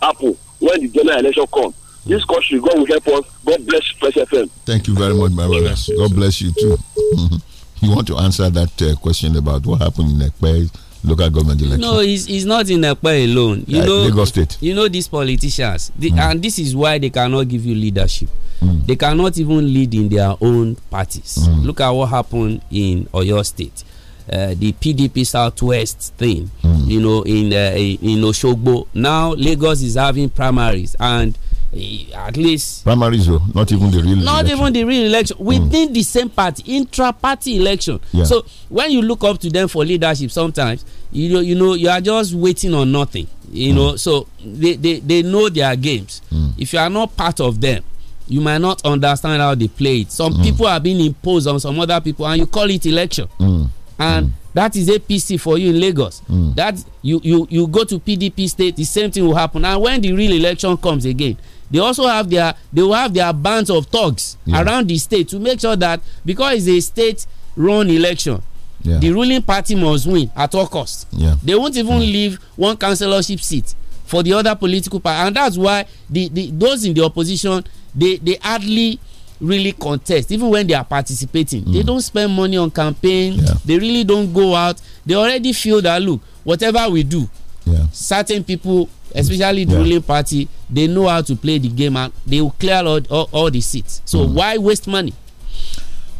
happen when the general election come, This country, God will help us. God bless Fresh FM. Thank you very much, my brother. God bless you too. Mm-hmm. you want to answer that uh, question about what happened in Ekpe local government election? No, he's not in Ekpe alone. You uh, know, Lagos State. You know these politicians, mm. and this is why they cannot give you leadership. Mm. They cannot even lead in their own parties. Mm. Look at what happened in Oyo State uh, the PDP Southwest thing, mm. you know, in uh, in Oshogbo. Now Lagos is having primaries and eh, at least primaries though not even the real not election. even the real election within mm. the same party intra-party election yeah. so when you look up to them for leadership sometimes you know you know you are just waiting on nothing you mm. know hmm. so they, they they know their games mm. if you are not part of them you might not understand how they play it some hmm. people are being imposed on some other people and you call it election hmm and that is apc for you in lagos mm. that you you you go to pdp state the same thing will happen and when the real election comes again they also have their they will have their bands of thugs yeah. around the state to make sure that because it's a state run election yeah. the ruling party must win at all costs yeah. they won't even mm. leave one councillorship seat for the other political party and that's why the, the those in the opposition they they hardly really contest even when they are participating mm. they don't spend money on campaign yeah. they really don't go out they already feel that look whatever we do yeah. certain people especially the yeah. ruling party they know how to play the game and they will clear all, all, all the seats so mm. why waste money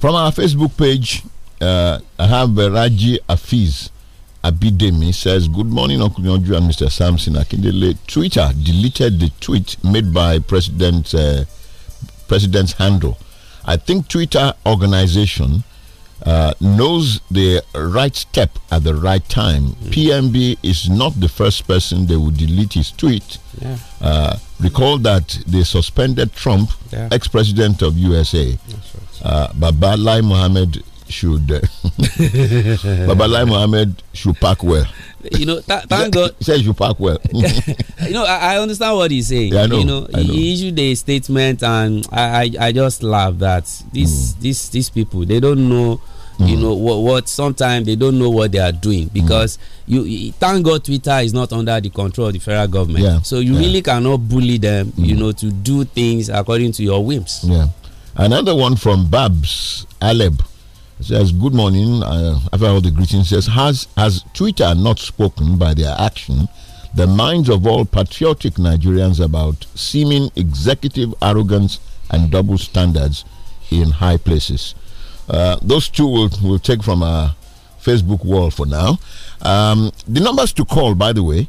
from our facebook page uh, i have uh, raji afiz Abidemi says, Good morning, Uncle Nyonju and Mr. Samson Akindele. Twitter deleted the tweet made by President uh, president's handle. I think Twitter organization uh, knows the right step at the right time. Mm. PMB is not the first person they would delete his tweet. Yeah. Uh, recall that they suspended Trump, yeah. ex-president of USA. Right. Uh, Babalai Mohammed should Babalai Mohammed should pack well you know, th thank God. Says you park well. you know, I, I, understand what he's saying. Yeah, I know, you know, I know. he issued a statement, and I, I, I just laugh that these mm. these these people they don't know. Mm. You know what? What sometimes they don't know what they are doing mm. because mm. you, you, thank God Twitter is not under the control of the federal government. Yeah. So you yeah. really cannot bully them. You mm. know to do things according to your whims. Yeah. Another one from Babs Aleb says, Good morning. Uh, after all the greetings, says, has, has Twitter not spoken by their action the minds of all patriotic Nigerians about seeming executive arrogance and double standards in high places? Uh, those two will will take from our Facebook wall for now. Um, the numbers to call, by the way,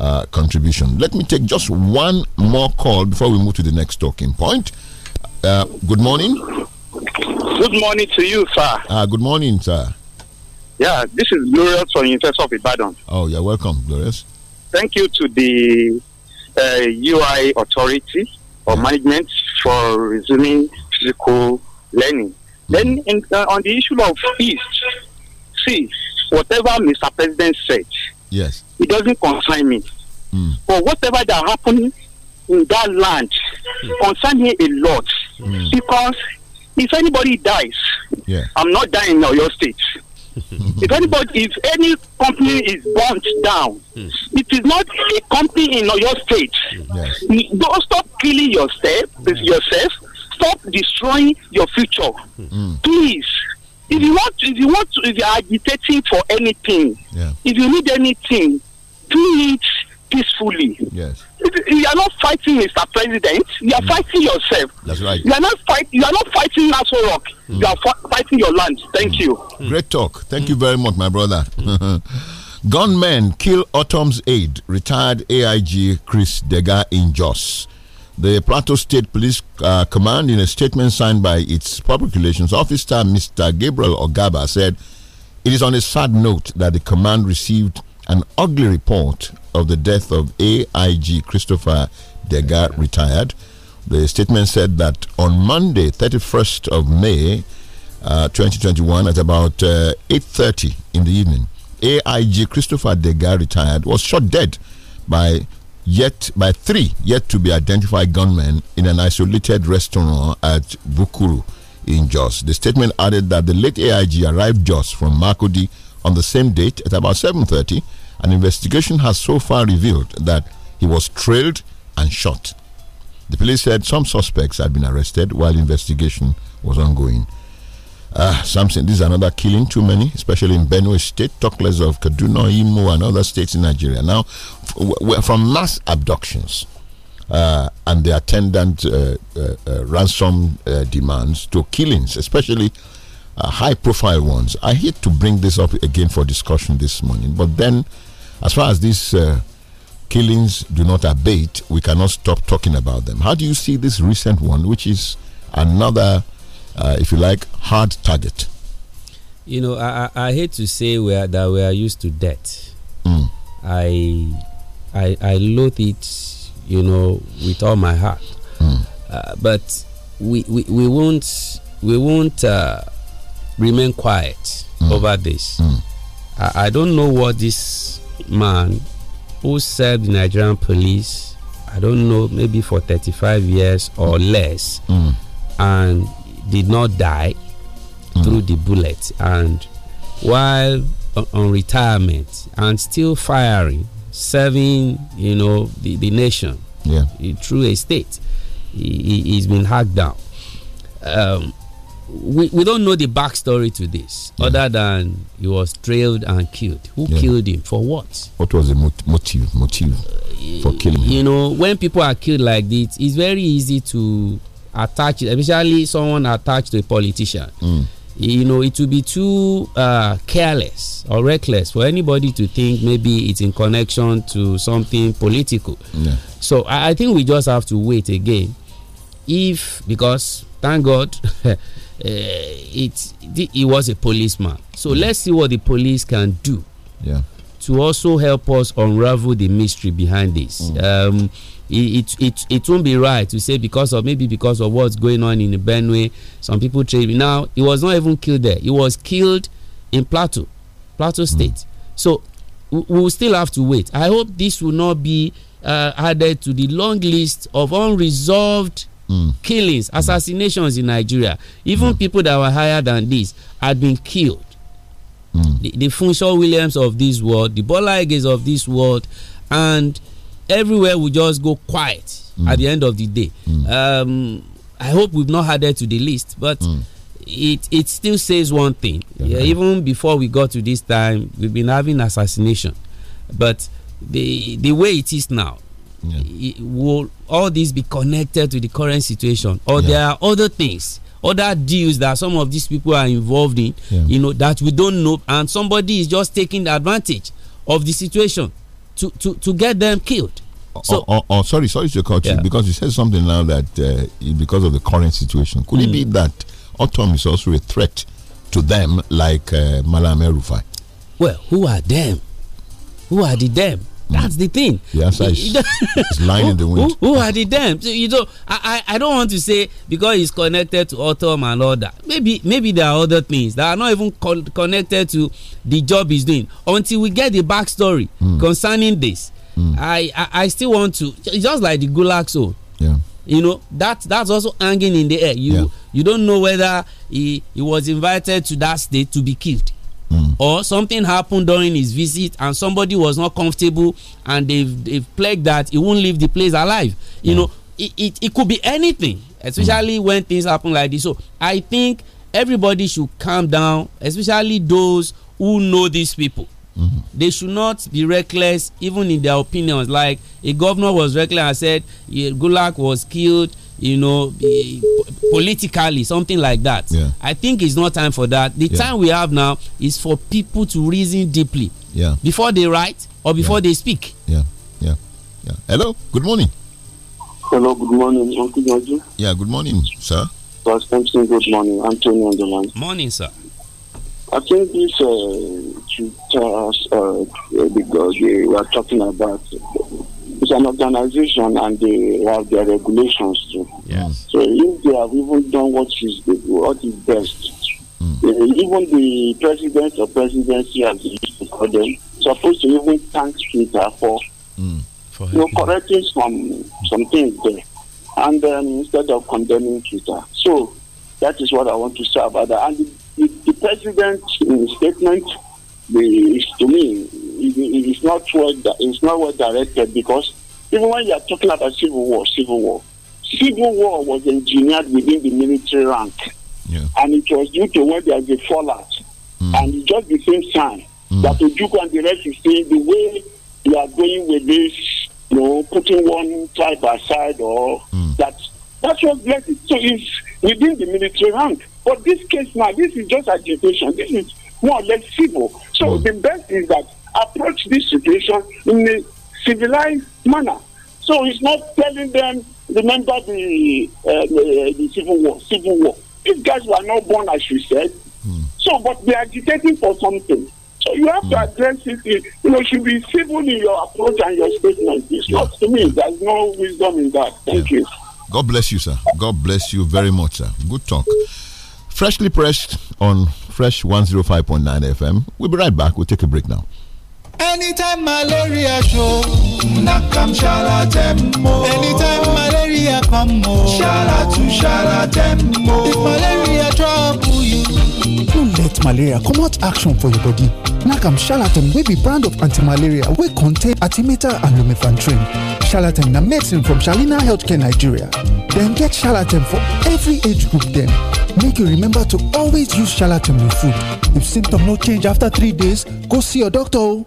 Uh, contribution. Let me take just one more call before we move to the next talking point. Uh, good morning. Good morning to you, sir. Uh, good morning, sir. Yeah, this is Glorious from University of Ibadan. Oh, you're welcome, Glorious. Thank you to the uh, UI authority or yeah. management for resuming physical learning. Mm. Then, in, uh, on the issue of fees, see, whatever Mr. President said, Yes. It doesn't concern me. Mm. But whatever that happened in that land mm. concern me a lot mm. because if anybody dies, yeah. I'm not dying in your state. if anybody, if any company is burnt down, mm. it is not a company in your state. Hmm. Yes. Don't stop killing yourself, hmm. yourself. Stop destroying your future. Hmm. Please, if you want if you want to, if you are agitating for anything yeah. if you need anything do it peacefully yes you are not fighting mr president you are mm. fighting yourself that's right you are not fight you are not fighting nassau rock mm. you are fighting your land thank mm. you mm. great talk thank you mm. very much my brother mm. gunmen kill autumn's aide retired aig chris dega in joss the Plateau State Police uh, Command, in a statement signed by its public relations officer, Mr. Gabriel Ogaba, said, It is on a sad note that the command received an ugly report of the death of AIG Christopher Degar, retired. The statement said that on Monday, 31st of May, uh, 2021, at about uh, 8.30 in the evening, AIG Christopher Degar, retired, was shot dead by yet by three yet to be identified gunmen in an isolated restaurant at Bukuru in Jos. The statement added that the late AIG arrived Jos from Makodi on the same date at about 7:30. An investigation has so far revealed that he was trailed and shot. The police said some suspects had been arrested while investigation was ongoing. Uh, Samson, this is another killing too many, especially in Benue State. Talk less of Kaduna, Imo, and other states in Nigeria. Now, from mass abductions uh, and the attendant uh, uh, uh ransom uh, demands to killings, especially high profile ones. I hate to bring this up again for discussion this morning, but then, as far as these killings do not abate, we cannot stop talking about them. How do you see this recent one, which is another? uh, if you like, hard target? You know, I, I hate to say we are, that we are used to debt. Mm. I, I, I loathe it, you know, with all my heart. Mm. Uh, but we, we, we won't, we won't uh, remain quiet mm. over this. Mm. I, I don't know what this man who served the Nigerian police, I don't know, maybe for 35 years or less, mm. and did not die mm. through the bullet and while on retirement and still firing serving you know the, the nation yeah. through a state he, has been hacked down um, we, we don't know the backstory to this yeah. other than he was trailed and killed who yeah. killed him for what what was the motive motive for uh, killing him you know when people are killed like this it's very easy to attached, especially someone attached to a politician, mm. you know, it would be too uh, careless or reckless for anybody to think maybe it's in connection to something political. Yeah. So I, I think we just have to wait again. If, because thank God, it eh, it was a policeman. So yeah. Mm. let's see what the police can do yeah. to also help us unravel the mystery behind this. Mm. Um, it, it it won't be right to say because of maybe because of what's going on in Benue, some people trade. Now he was not even killed there; he was killed in Plateau, Plateau hmm. State. Mm. So we will still have to wait. I hope this will not be uh, added to the long list of unresolved mm. killings, hmm. assassinations in Nigeria. Even mm. people that were higher than this had been killed. Hmm. The, the Funchal Williams of this world, the Bola Eges of this world, and everywhere will just go quiet mm. at the end of the day. Mm. Um, I hope we've not had it to the list, but mm. it it still says one thing. Yeah, even before we got to this time, we've been having assassination, but the the way it is now, yeah. it, will all this be connected to the current situation, or there are other things? other deals that some of these people are involved in you know that we don't know and somebody is just taking advantage of the situation to to to get them killed. Oh, so, oh, oh, sorry, sorry to cut you because you said something now that uh, because of the current situation, could mm. it be hmm. that autumn is also a threat to them, like uh, Malam Rufai? Well, who are them? Who are the them? That's the thing. The answer is it's lying who, in the wind. Who, who are the them? So you don't. I, I I don't want to say because it's connected to autumn and all that. Maybe maybe there are other things that are not even connected to the job he's doing. Until we get the backstory mm. concerning this, mm. I, I, I still want to just like the Gulag so. Yeah. You know that that's also hanging in the air. You yeah. you don't know whether he he was invited to that state to be killed Mm. Or something happened during his visit and somebody was not comfortable and they've, they've that he won't leave the place alive. You mm. know, it, it, it, could be anything, especially mm. when things happen like this. So I think everybody should calm down, especially those who know these people. Mm. They should not be reckless, even in their opinions. Like a governor was reckless and said Gulak was killed you know politically something like that yeah. i think it's not time for that the yeah. time we have now is for people to reason deeply yeah. before they write or before they speak yeah yeah yeah hello good morning hello good morning uncle George. yeah good morning sir Thompson, good morning. Anthony on the line. Morning, sir. I think this uh, us uh, because we are talking about it's an organization and they have their regulations too. Yes. So if they have even done what is what is best, mm. even the president or presidency as they used to call them, supposed to even thank Peter for, mm. for you know, correcting some some things there, and um, instead of condemning Peter. So that is what I want to say about that. And the, the, the president in um, the statement the, is to me it is not well it's not well directed because even when you are talking about civil war, civil war, civil war was engineered within the military rank, yeah. and it was due to where there's a fallout, mm. and it's just the same time mm. that Duke and the rest is saying the way you are going with this, you know, putting one side by side or mm. that that's what led it. So it's within the military rank. But this case now, this is just agitation. This is more or less civil. So mm. the best is that approach this situation in a civilized manner. So it's not telling them, remember the, uh, the, the, civil war, civil war. These guys were not born, as you said. Mm. So, but they're agitating for something. So you have mm. to hmm. address it. You know, should be civil in your approach and your statement. It's yeah. not to me. There's no wisdom in that. Thank yeah. you. God bless you, sir. God bless you very much, sir. Good talk. Freshly pressed on Fresh 105.9 FM. We'll be right back. We'll take a break now. Anytime malaria show, Nakam am shalatem Anytime malaria come o, shalatu shalatem o. If malaria trouble you, no let malaria comot action for your body. Nakam am shalatem wey be brand of anti-malaria wey contain artimata and lumefantrine. Charlatan na medicine from Shalina Healthcare Nigeria. Dem get Charlatan for every age group dem. Make you remember to always use Charlatan with food. If symptoms no change after three days, go see your doctor o. Oh.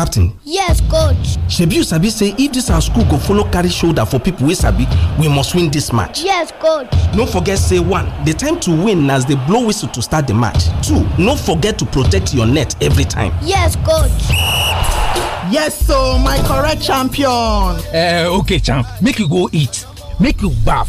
captain yes coach shebi you sabi say if this our school go follow carry shoulder for people wey sabi we must win this match yes coach no forget say one the time to win na as they blow whistle to start the match two no forget to protect your net every time yes coach yes so my correct champion Uh, okay champ make you go eat make you baff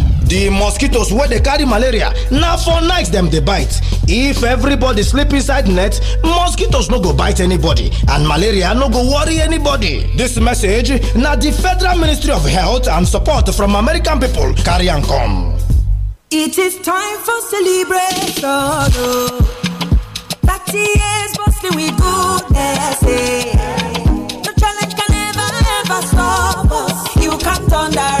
the mosquitoes wey dey carry malaria na for night dem dey bite if everybody sleep inside net mosquitoes no go bite anybody and malaria no go worry anybody. dis message na di federal ministry of health and support from american pipo carry am come. it is time for celebration oh. thirty years bustling with goodness. Eh. no challenge can ever ever stop us you can thunder.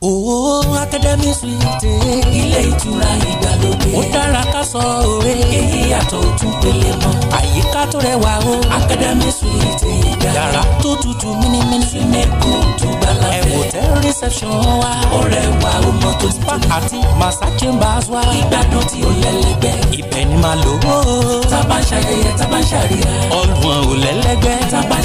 Owó oh, Akademi Suite. Ilé ìtura ìgbàlódé. Ó dára ká sọ òwe. Èyí yàtọ̀ ojú pele mọ́. Àyíká tó rẹwà o. Akademi Suite ìgbà. Yàrá tó tutù mímímí. Súnmẹ́kù tó gbala fẹ́. Ẹ̀wò tẹ́ reception wa. Ọ̀rẹ́ wa ó mọ tó ti tó. Àti Massa Chambers wa. Ìgbádùn tí ó lẹ́lẹ́gbẹ́. Ibẹ̀ ni màá lò ó. Tábà ń ò lẹ́lẹ́gbẹ́. Tábà ń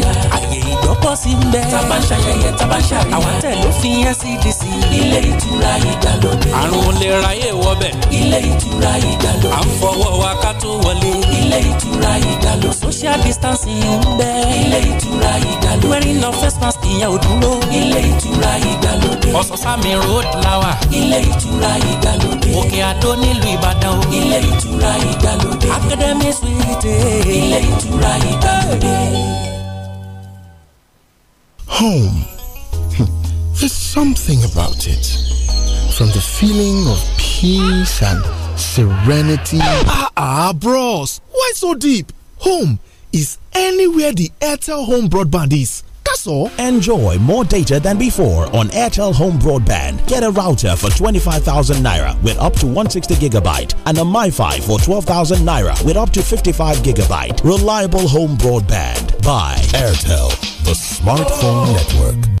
ṣayẹyẹ, ààyè ìgbọ́pọ̀ sí ń bẹ. tábà ń ṣayẹyẹ tábà ń ṣàríyá. àwọn tẹ̀ ló fi NCDC. E ilé ìtura ìgbàlódé. àrùn olè ráyè wọbẹ̀. ilé ìtura ìgbàlódé. à ń fọwọ́ wa ká tó wọlé. ilé ìtura ìgbàlódé. social distancing ń bẹ. ilé ìtura ìgbàlódé. wearing no face mask ìyẹn ò dúró. ilé ìtura ìgbàlódé. ọ̀sánsámi road lawa. ilé ìtura ìgbàlódé. òkè àdó nílùú ìbàdàn o. ilé ìtura ìgbàlódé. academy suite. ilé ìtura ìgbàlódé. Home. Hmm. There's something about it. From the feeling of peace and serenity. Ah, ah, bros. Why so deep? Home is anywhere the Airtel home broadband is also Enjoy more data than before on Airtel Home Broadband. Get a router for 25,000 naira with up to 160 gigabyte and a MiFi for 12,000 naira with up to 55 gigabyte. Reliable home broadband by Airtel, the smartphone network.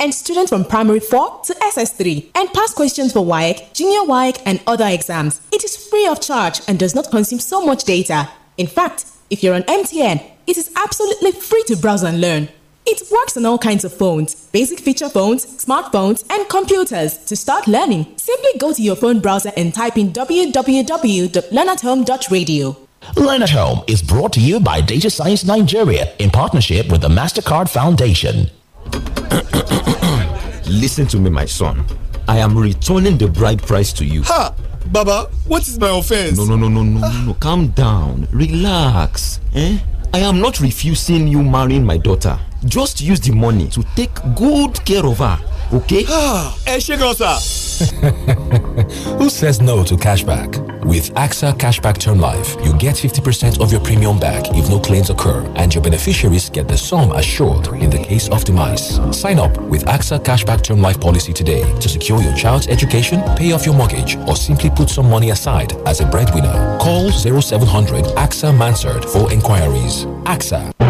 and students from primary 4 to SS3 and pass questions for WAEC, Junior WAEC, and other exams. It is free of charge and does not consume so much data. In fact, if you're on MTN, it is absolutely free to browse and learn. It works on all kinds of phones, basic feature phones, smartphones, and computers. To start learning, simply go to your phone browser and type in www.learnathome.radio. Learn at Home is brought to you by Data Science Nigeria in partnership with the MasterCard Foundation. Listen to me, my son. I am returning the bride price to you. Ha! Baba, what is my offense? No, no, no, no, no, no. Calm down. Relax. Eh? I am not refusing you marrying my daughter. Just use the money to take good care of her okay? Ah, Who says no to cashback? With AXA Cashback Term Life, you get 50% of your premium back if no claims occur, and your beneficiaries get the sum assured in the case of demise. Sign up with AXA Cashback Term Life policy today to secure your child's education, pay off your mortgage, or simply put some money aside as a breadwinner. Call 0700 AXA Mansard for inquiries. AXA.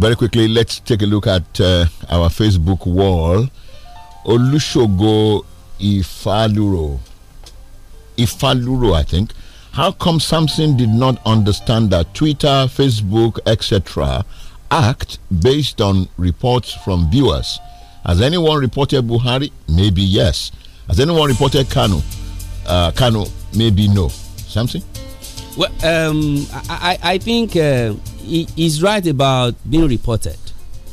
Very quickly, let's take a look at uh, our Facebook wall. Olushogo Ifaluro. Ifaluro, I think. How come Samson did not understand that Twitter, Facebook, etc. act based on reports from viewers? Has anyone reported Buhari? Maybe yes. Has anyone reported Kanu? Uh, Kanu, maybe no. Something? Well, um, I, I think uh, he's right about being reported.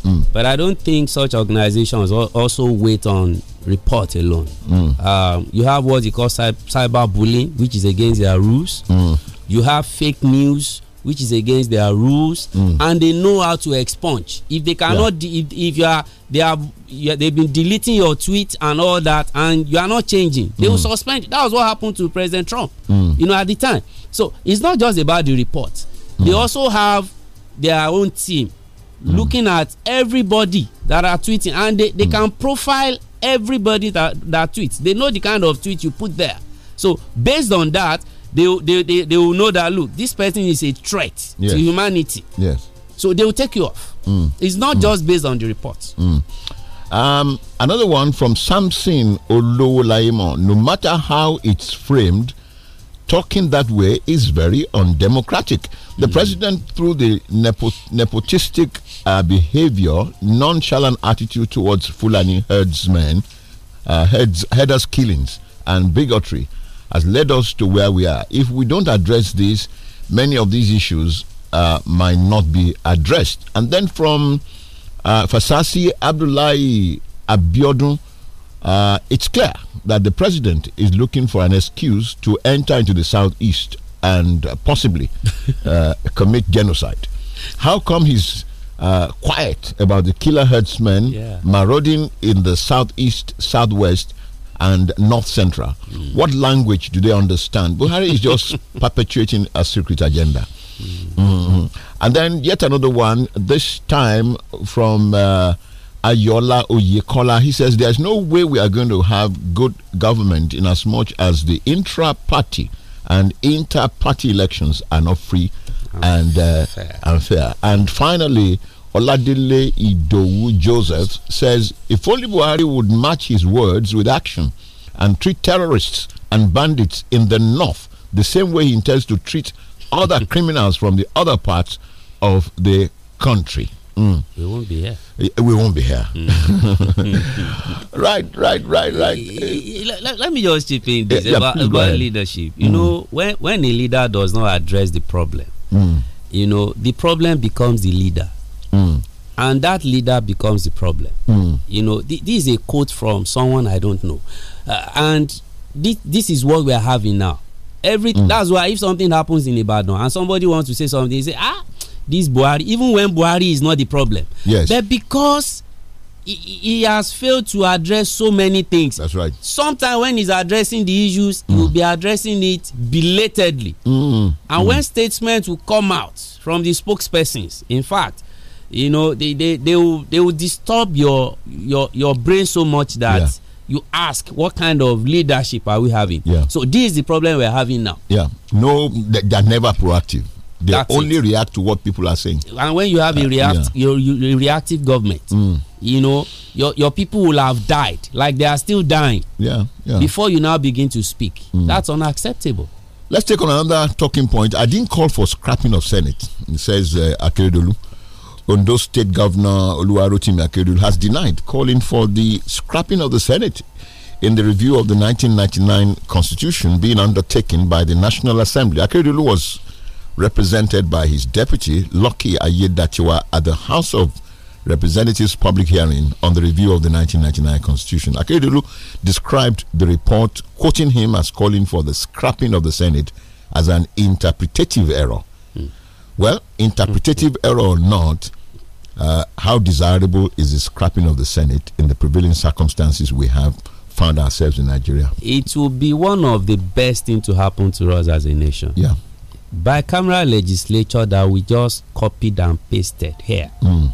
Mm. But I don't think such organizations also wait on report alone. Mm. Um, you have what you call cyber bullying, which is against their rules. Mm. You have fake news, which is against their rules, mm. and they know how to expunge. If they cannot, yeah. if, if, you are, they have, they've been deleting your tweet and all that, and you are not changing, they will mm. suspend. That was what happened to President Trump. Mm. You know, at the time. So it's not just about the report. They also have their own team hmm. looking at everybody that are tweeting and they, they mm. can profile everybody that, that tweets they know the kind of tweet you put there so based on that they, they, they, they will know that look this person is a threat yes. to humanity yes so they will take you off mm. it's not hmm. just based on the reports. Hmm. um, another one from samson olowolaimo no matter how it's framed talking that way is very undemocratic. The mm. president, through the nepo nepotistic uh, behavior, nonchalant attitude towards Fulani herdsmen, uh, herds, herders' killings, and bigotry, has led us to where we are. If we don't address this, many of these issues uh, might not be addressed. And then from uh, Fasasi Abdullahi Abiodun uh, it's clear that the president is looking for an excuse to enter into the southeast and uh, possibly uh, commit genocide. How come he's uh, quiet about the killer herdsmen yeah. marauding in the southeast, southwest, and North Central. Mm. What language do they understand? Buhari is just perpetuating a secret agenda. Mm. Mm -hmm. Mm-hmm. And then yet another one, this time from uh, Ayola Oyekola. He says there's no way we are going to have good government in as much as the intra party and inter party elections are not free and uh, unfair. And finally, Oladile Idowu Joseph says if only Buhari would match his words with action and treat terrorists and bandits in the north the same way he intends to treat other criminals from the other parts of the country. Mm. We won't be here. We won't be here. Mm. right, right, right, right. Eh, eh, eh, let, let me just chip in this yeah, about, about leadership. You mm. know, when, when a leader does not address the problem, mm. you know, the problem becomes the leader. Mm. And that leader becomes the problem. Mm. You know, th this is a quote from someone I don't know. Uh, and this, this is what we are having now. Every That's why if something happens in Ibadan and somebody wants to say something, they say, ah, this Buhari, even when Buhari is not the problem. Yes. But because he, he has failed to address so many things. That's right. Sometimes when he's addressing the issues, mm. he will mm. be addressing it belatedly. Mm. And mm. when statements will come out from the spokespersons, in fact, you know, they, they, they will they will disturb your your your brain so much that yeah. you ask what kind of leadership are we having? Yeah. So this is the problem we're having now. Yeah. No, they're never proactive they That's only it. react to what people are saying. And when you have uh, a react, yeah. your, your, reactive government, mm. you know, your your people will have died. Like they are still dying. Yeah, yeah. Before you now begin to speak, mm. that's unacceptable. Let's take on another talking point. I didn't call for scrapping of Senate. It says uh, Akeredolu. Ondo State Governor Oluwarotimi Akeredolu has denied calling for the scrapping of the Senate in the review of the 1999 Constitution being undertaken by the National Assembly. Akeredolu was represented by his deputy, Lucky Ayedatiwa, at the House of Representatives public hearing on the review of the 1999 Constitution. Akeredolu described the report, quoting him as calling for the scrapping of the Senate as an interpretative error. Mm. Well, interpretative mm. error or not, uh, how desirable is the scrapping of the Senate in the prevailing circumstances we have found ourselves in Nigeria? It will be one of the best things to happen to us as a nation. Yeah bicameral legislature that we just copied and pasted here mm.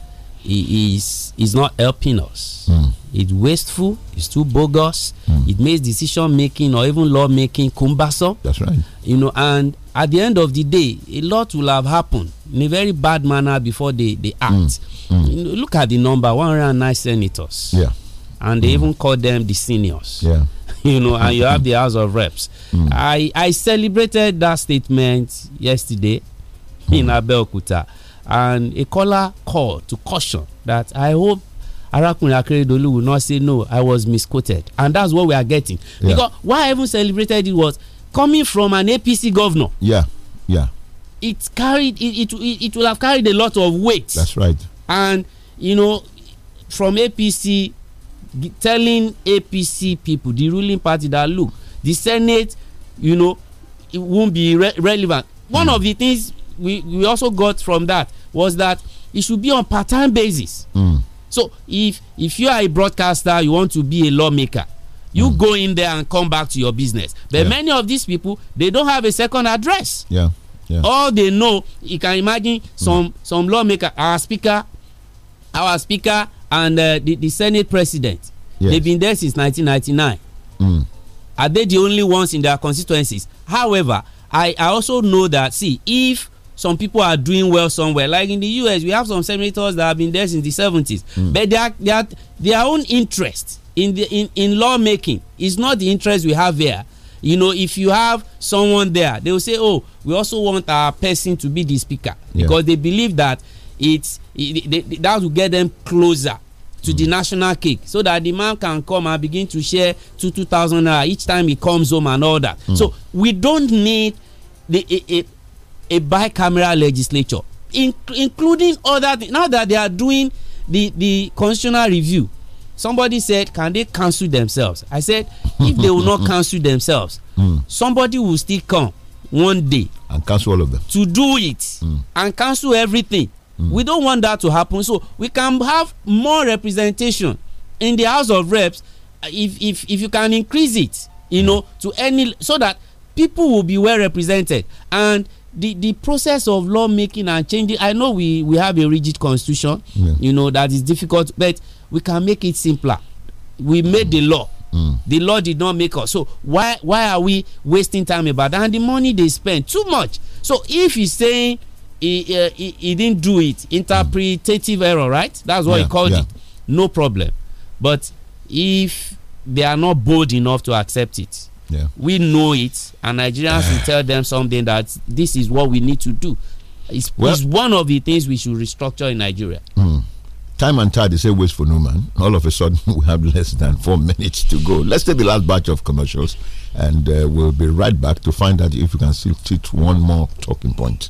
is is not helping us. Mm. It's wasteful. It's too bogus. Mm. It makes decision making or even law making cumbersome. That's right. You know, and at the end of the day, a lot will have happened in a very bad manner before they they act. Hmm. Hmm. You know, look at the number: one hundred and nine senators. Yeah and they mm. even call them the seniors. Yeah. you know, and you have the House of Reps. Mm. I, I celebrated that statement yesterday mm. in Abeokuta, and a caller called to caution that I hope Arakunle Akeredolu will not say no, I was misquoted. And that's what we are getting. Yeah. Because why I even celebrated it was coming from an APC governor. Yeah, yeah. It carried, it, it, it will have carried a lot of weight. That's right. And, you know, from APC telling APC people, the ruling party, that look, the Senate, you know, it won't be re relevant. One hmm. of the things we, we also got from that was that it should be on part time basis. Mm. So if if you are a broadcaster, you want to be a lawmaker, you mm. go in there and come back to your business. But yeah. many of these people, they don't have a second address. Yeah. yeah. All they know, you can imagine hmm. some some lawmaker, our speaker, our speaker and uh, the, the senate president yes. they've been there since 1999 mm. are they the only ones in their constituencies however i i also know that see if some people are doing well somewhere like in the us we have some senators that have been there since the 70s mm. but their their their own interest in the in in lawmaking is not the interest we have here you know if you have someone there they will say oh we also want our person to be the speaker yeah. because they believe that it's it, they, that will get them closer to the national cake so that the man can come and begin to share two two thousand naira each time he comes home and all that. Mm. So we don't need the a, a, a bicameral legislature, in, including other things. Now that they are doing the the constitutional review, somebody said, "Can they cancel themselves?" I said, "If they will not cancel themselves, mm. somebody will still come one day and cancel all of them to do it mm. and cancel everything." We don't want that to happen. So we can have more representation in the House of Reps uh, if if if you can increase it, you know, to any so that people will be well represented and the the process of lawmaking and changing. I know we we have a rigid constitution, yeah. you know, that is difficult, but we can make it simpler. We made the law. Mm. The law did not make us. So why why are we wasting time about that? And the money they spend too much. So if he's saying he, he, he didn't do it. Interpretative mm. error, right? That's what yeah, he called yeah. it. No problem. But if they are not bold enough to accept it, yeah. we know it, and Nigerians will tell them something that this is what we need to do. It's, well, it's one of the things we should restructure in Nigeria. Mm. Time and tide they say, waste for no man. All of a sudden, we have less than four minutes to go. Let's take the last batch of commercials, and uh, we'll be right back to find out if we can still teach one more talking point.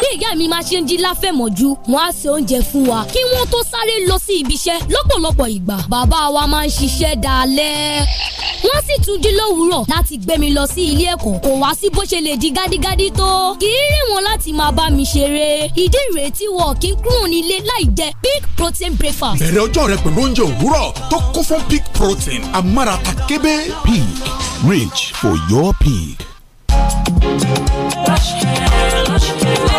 bí ìyá mi máa ṣe ń jí láfẹ̀mọ́jú wọ́n á se oúnjẹ fún wa kí wọ́n tó sáré lọ sí ibi iṣẹ́ lọ́pọ̀lọpọ̀ ìgbà bàbá wa máa ń ṣiṣẹ́ dalẹ́ wọ́n sì tún jí lówùúrọ̀ láti gbé mi lọ sí ilé ẹ̀kọ́ kò wá sí bó ṣe lè di gádígádí tó kì í rìn wọn láti máa bá mi ṣeré ìdí ìrètí wọ kí n kúrò nílé láì jẹ big protein breakfast. bẹ̀rẹ̀ ọjọ́ rẹ pẹ̀lú oúnjẹ òwúrọ̀ tó kún fún big protein amárata kébé. pig rich for your pig. lush hair lush hair.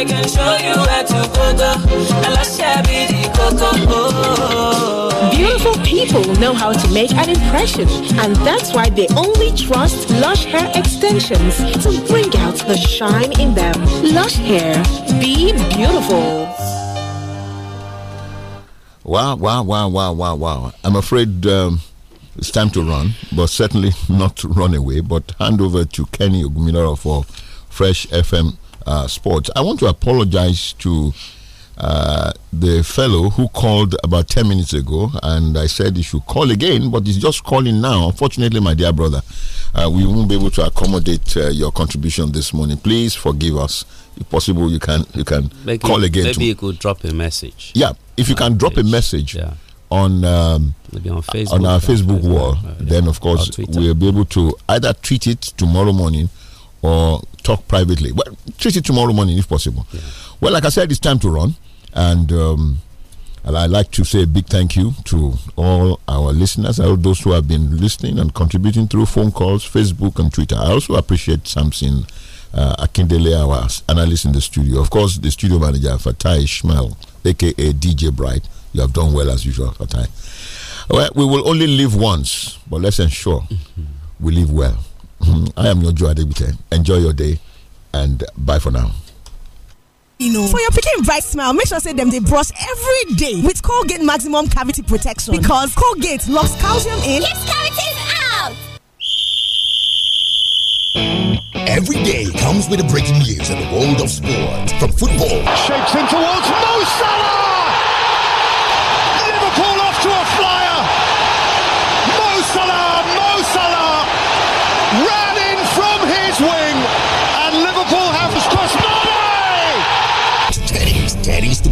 I can show you where to go go. Beautiful people know how to make an impression, and that's why they only trust Lush Hair Extensions to bring out the shine in them. Lush Hair, be beautiful. Wow, wow, wow, wow, wow, wow. I'm afraid um, it's time to run, but certainly not run away, but hand over to Kenny Ogumiloro for Fresh FM uh, sports. I want to apologize to uh, the fellow who called about 10 minutes ago, and I said he should call again, but he's just calling now. Unfortunately, my dear brother, uh, we won't be able to accommodate uh, your contribution this morning. Please forgive us. If possible, you can you can maybe, call again. Maybe you could drop a message. Yeah, if you can page. drop a message. Yeah. On um, on, Facebook, on, our Facebook uh, wall, yeah. Uh, then of course we'll be able to either tweet it tomorrow morning or talk privately. Well, treat it tomorrow morning if possible. Yeah. Well, like I said, it's time to run. And um, I'd like to say a big thank you to all our listeners, all those who have been listening and contributing through phone calls, Facebook, and Twitter. I also appreciate Samson uh, Akindele, our analyst in the studio. Of course, the studio manager, Fatai Ishmael, aka DJ Bright. You have done well as usual, Fatai. Well, we will only live once, but let's ensure mm -hmm. we live well. Hmm, I am your joy, Adebute. Enjoy your day and bye for now. You know, for your picking bright smile, make sure say them they brush every day with Colgate Maximum Cavity Protection because Colgate locks calcium in. Keeps cavities out. Every day comes with a breaking news in the world of sports. From football, shapes him towards Mo Salah.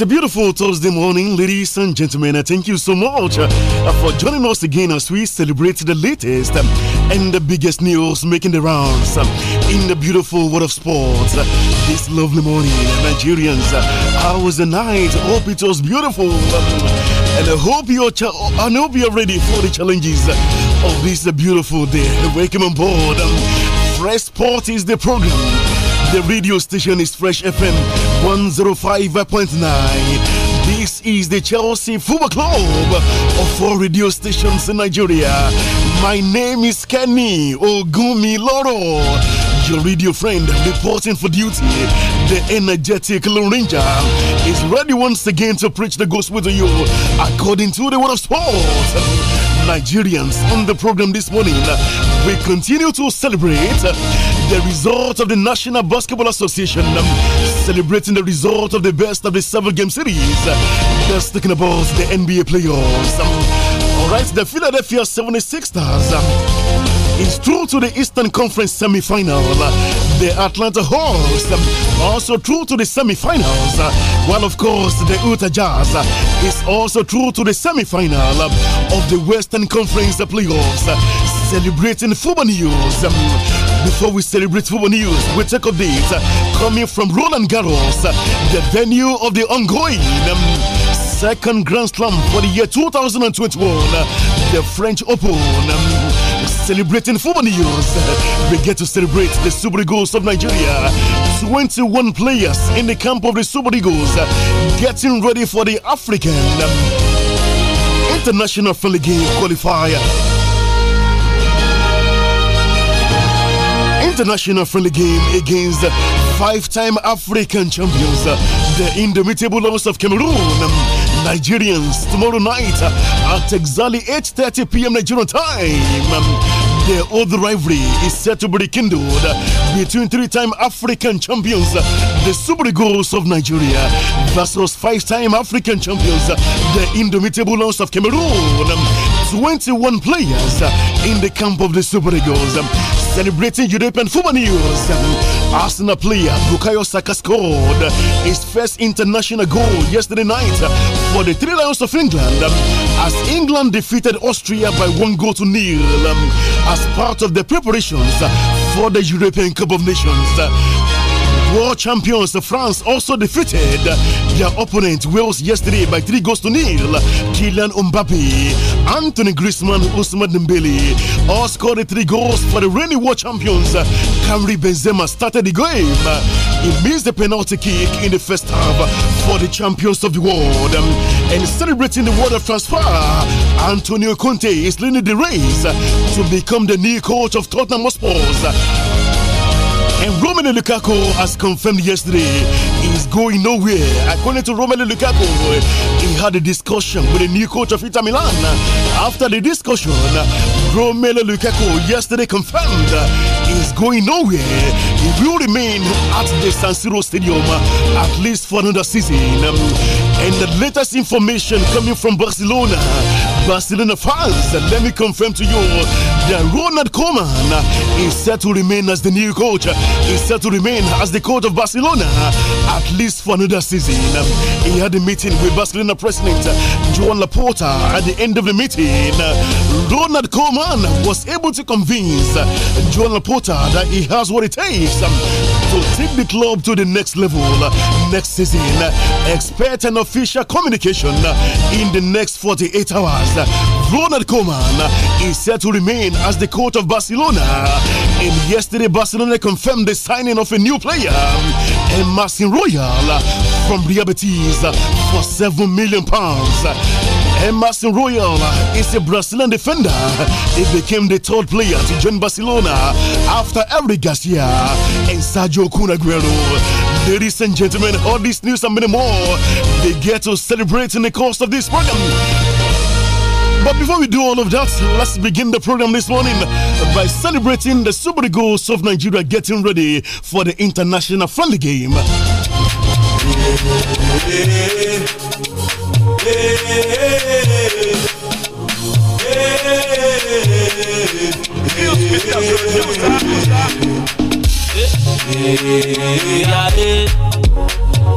It's a beautiful Thursday morning, ladies and gentlemen. thank you so much uh, for joining us again as we celebrate the latest um, and the biggest news making the rounds um, in the beautiful world of sports. Uh, this lovely morning, Nigerians, uh, how was the night? Hope it was beautiful. Um, and I hope you're, I hope you're ready for the challenges of this beautiful day. Welcome on board. Fresh Sport is the program the radio station is Fresh FM 105.9. This is the Chelsea Football Club of all radio stations in Nigeria. My name is Kenny Ogumiloro, your radio friend reporting for duty, the energetic Lone is ready once again to preach the gospel to you according to the word of sports Nigerians on the program this morning, we continue to celebrate the result of the National Basketball Association celebrating the result of the best of the seven game series. Just talking about the NBA playoffs. All right, the Philadelphia 76ers is through to the Eastern Conference semifinal, The Atlanta Hawks um, also through to the semifinals, While of course the Utah Jazz uh, is also through to the semifinal um, of the Western Conference playoffs. Celebrating football news. Um, before we celebrate football news, we take updates uh, coming from Roland Garros, uh, the venue of the ongoing second Grand Slam for the year 2021, the French Open celebrating football news. We get to celebrate the Super Eagles of Nigeria. 21 players in the camp of the Super Eagles getting ready for the African International Friendly Game qualifier. International Friendly Game against five-time African champions, the indomitable Lions of Cameroon. Nigerians tomorrow night at exactly 8:30 p.m. Nigerian time. The old rivalry is set to be rekindled between three-time African champions, the Super Eagles of Nigeria, versus five-time African champions, the indomitable Lions of Cameroon. 21 players in the camp of the Super Eagles celebrating European football news. Arsenal player Bukayo Saka scored his first international goal yesterday night for the Three Lions of England as England defeated Austria by one goal to nil um, as part of the preparations for the European Cup of Nations. World champions France also defeated their opponent Wales yesterday by three goals to nil. Kylian Mbappe, Anthony Griezmann, Ousmane Dembele all scored three goals for the reigning world champions. Camry Benzema started the game. He missed the penalty kick in the first half for the champions of the world. And celebrating the world of transfer, Antonio Conte is leading the race to become the new coach of Tottenham Hotspur. And Romelu Lukaku has confirmed yesterday he's going nowhere. According to Romelu Lukaku, he had a discussion with the new coach of Inter Milan. After the discussion, Romelu Lukaku yesterday confirmed he's going nowhere. He will remain at the San Siro Stadium at least for another season. Um, and the latest information coming from Barcelona Barcelona fans, And let me confirm to you that Ronald Koeman is set to remain as the new coach. Is set to remain as the coach of Barcelona at least for another season. He had a meeting with Barcelona president Joan Laporta at the end of the meeting. Ronald Koeman was able to convince Joan Laporta that he has what it takes to take the club to the next level next season. Expect an official communication in the next 48 hours. Ronald Koeman is set to remain as the coach of Barcelona. And yesterday, Barcelona confirmed the signing of a new player, Emerson Royal, from Real Betis for seven million pounds. Emerson Royal is a Brazilian defender. He became the third player to join Barcelona after Eric Garcia and Sergio Cunaguero. Ladies and gentlemen, all this news and many more, they get to celebrate in the course of this program. But before we do all of that, let's begin the program this morning by celebrating the Super goals of Nigeria getting ready for the international friendly game.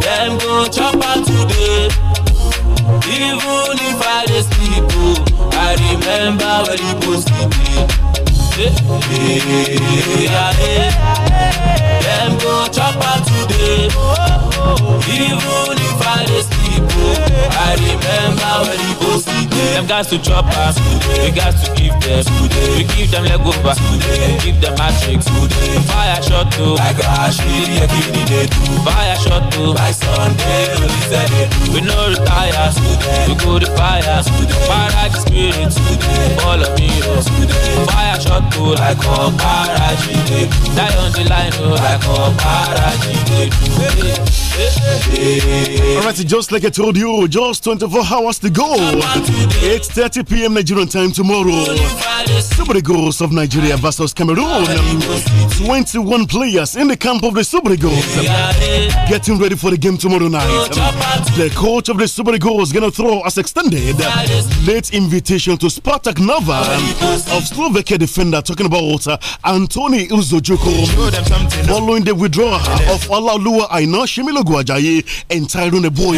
Dem go chop out today. Even if I dey sleep, oh, I remember when you go sleep. Dem go chop out today. Even if I dey sleep, oh. I remember when the boss today. Them guys to chop us, we guys to give them. We give them Lego back, we give them matrix. Fire shot to, like a shit, yeah, give me the two. Fire shot to, by Sunday, only Sunday. We no retire, we go to fire. Fire the spirit, all of me, oh. Fire shot to, like a paraji. Die on the line, oh, like a parajide. All right, just like I told you, just 24 hours to go. 8:30 p.m. Nigerian time tomorrow. Super Eagles of Nigeria versus Cameroon. 21 players in the camp of the Super Eagles. Getting ready for the game tomorrow night. The coach of the Super Eagles is gonna throw us extended late invitation to Spartak Nova of Slovakia defender talking about uh, Anthony Uzojoko following the withdrawal of Olaoluwa Aina Shimilogu Ajayi and Tyrone boy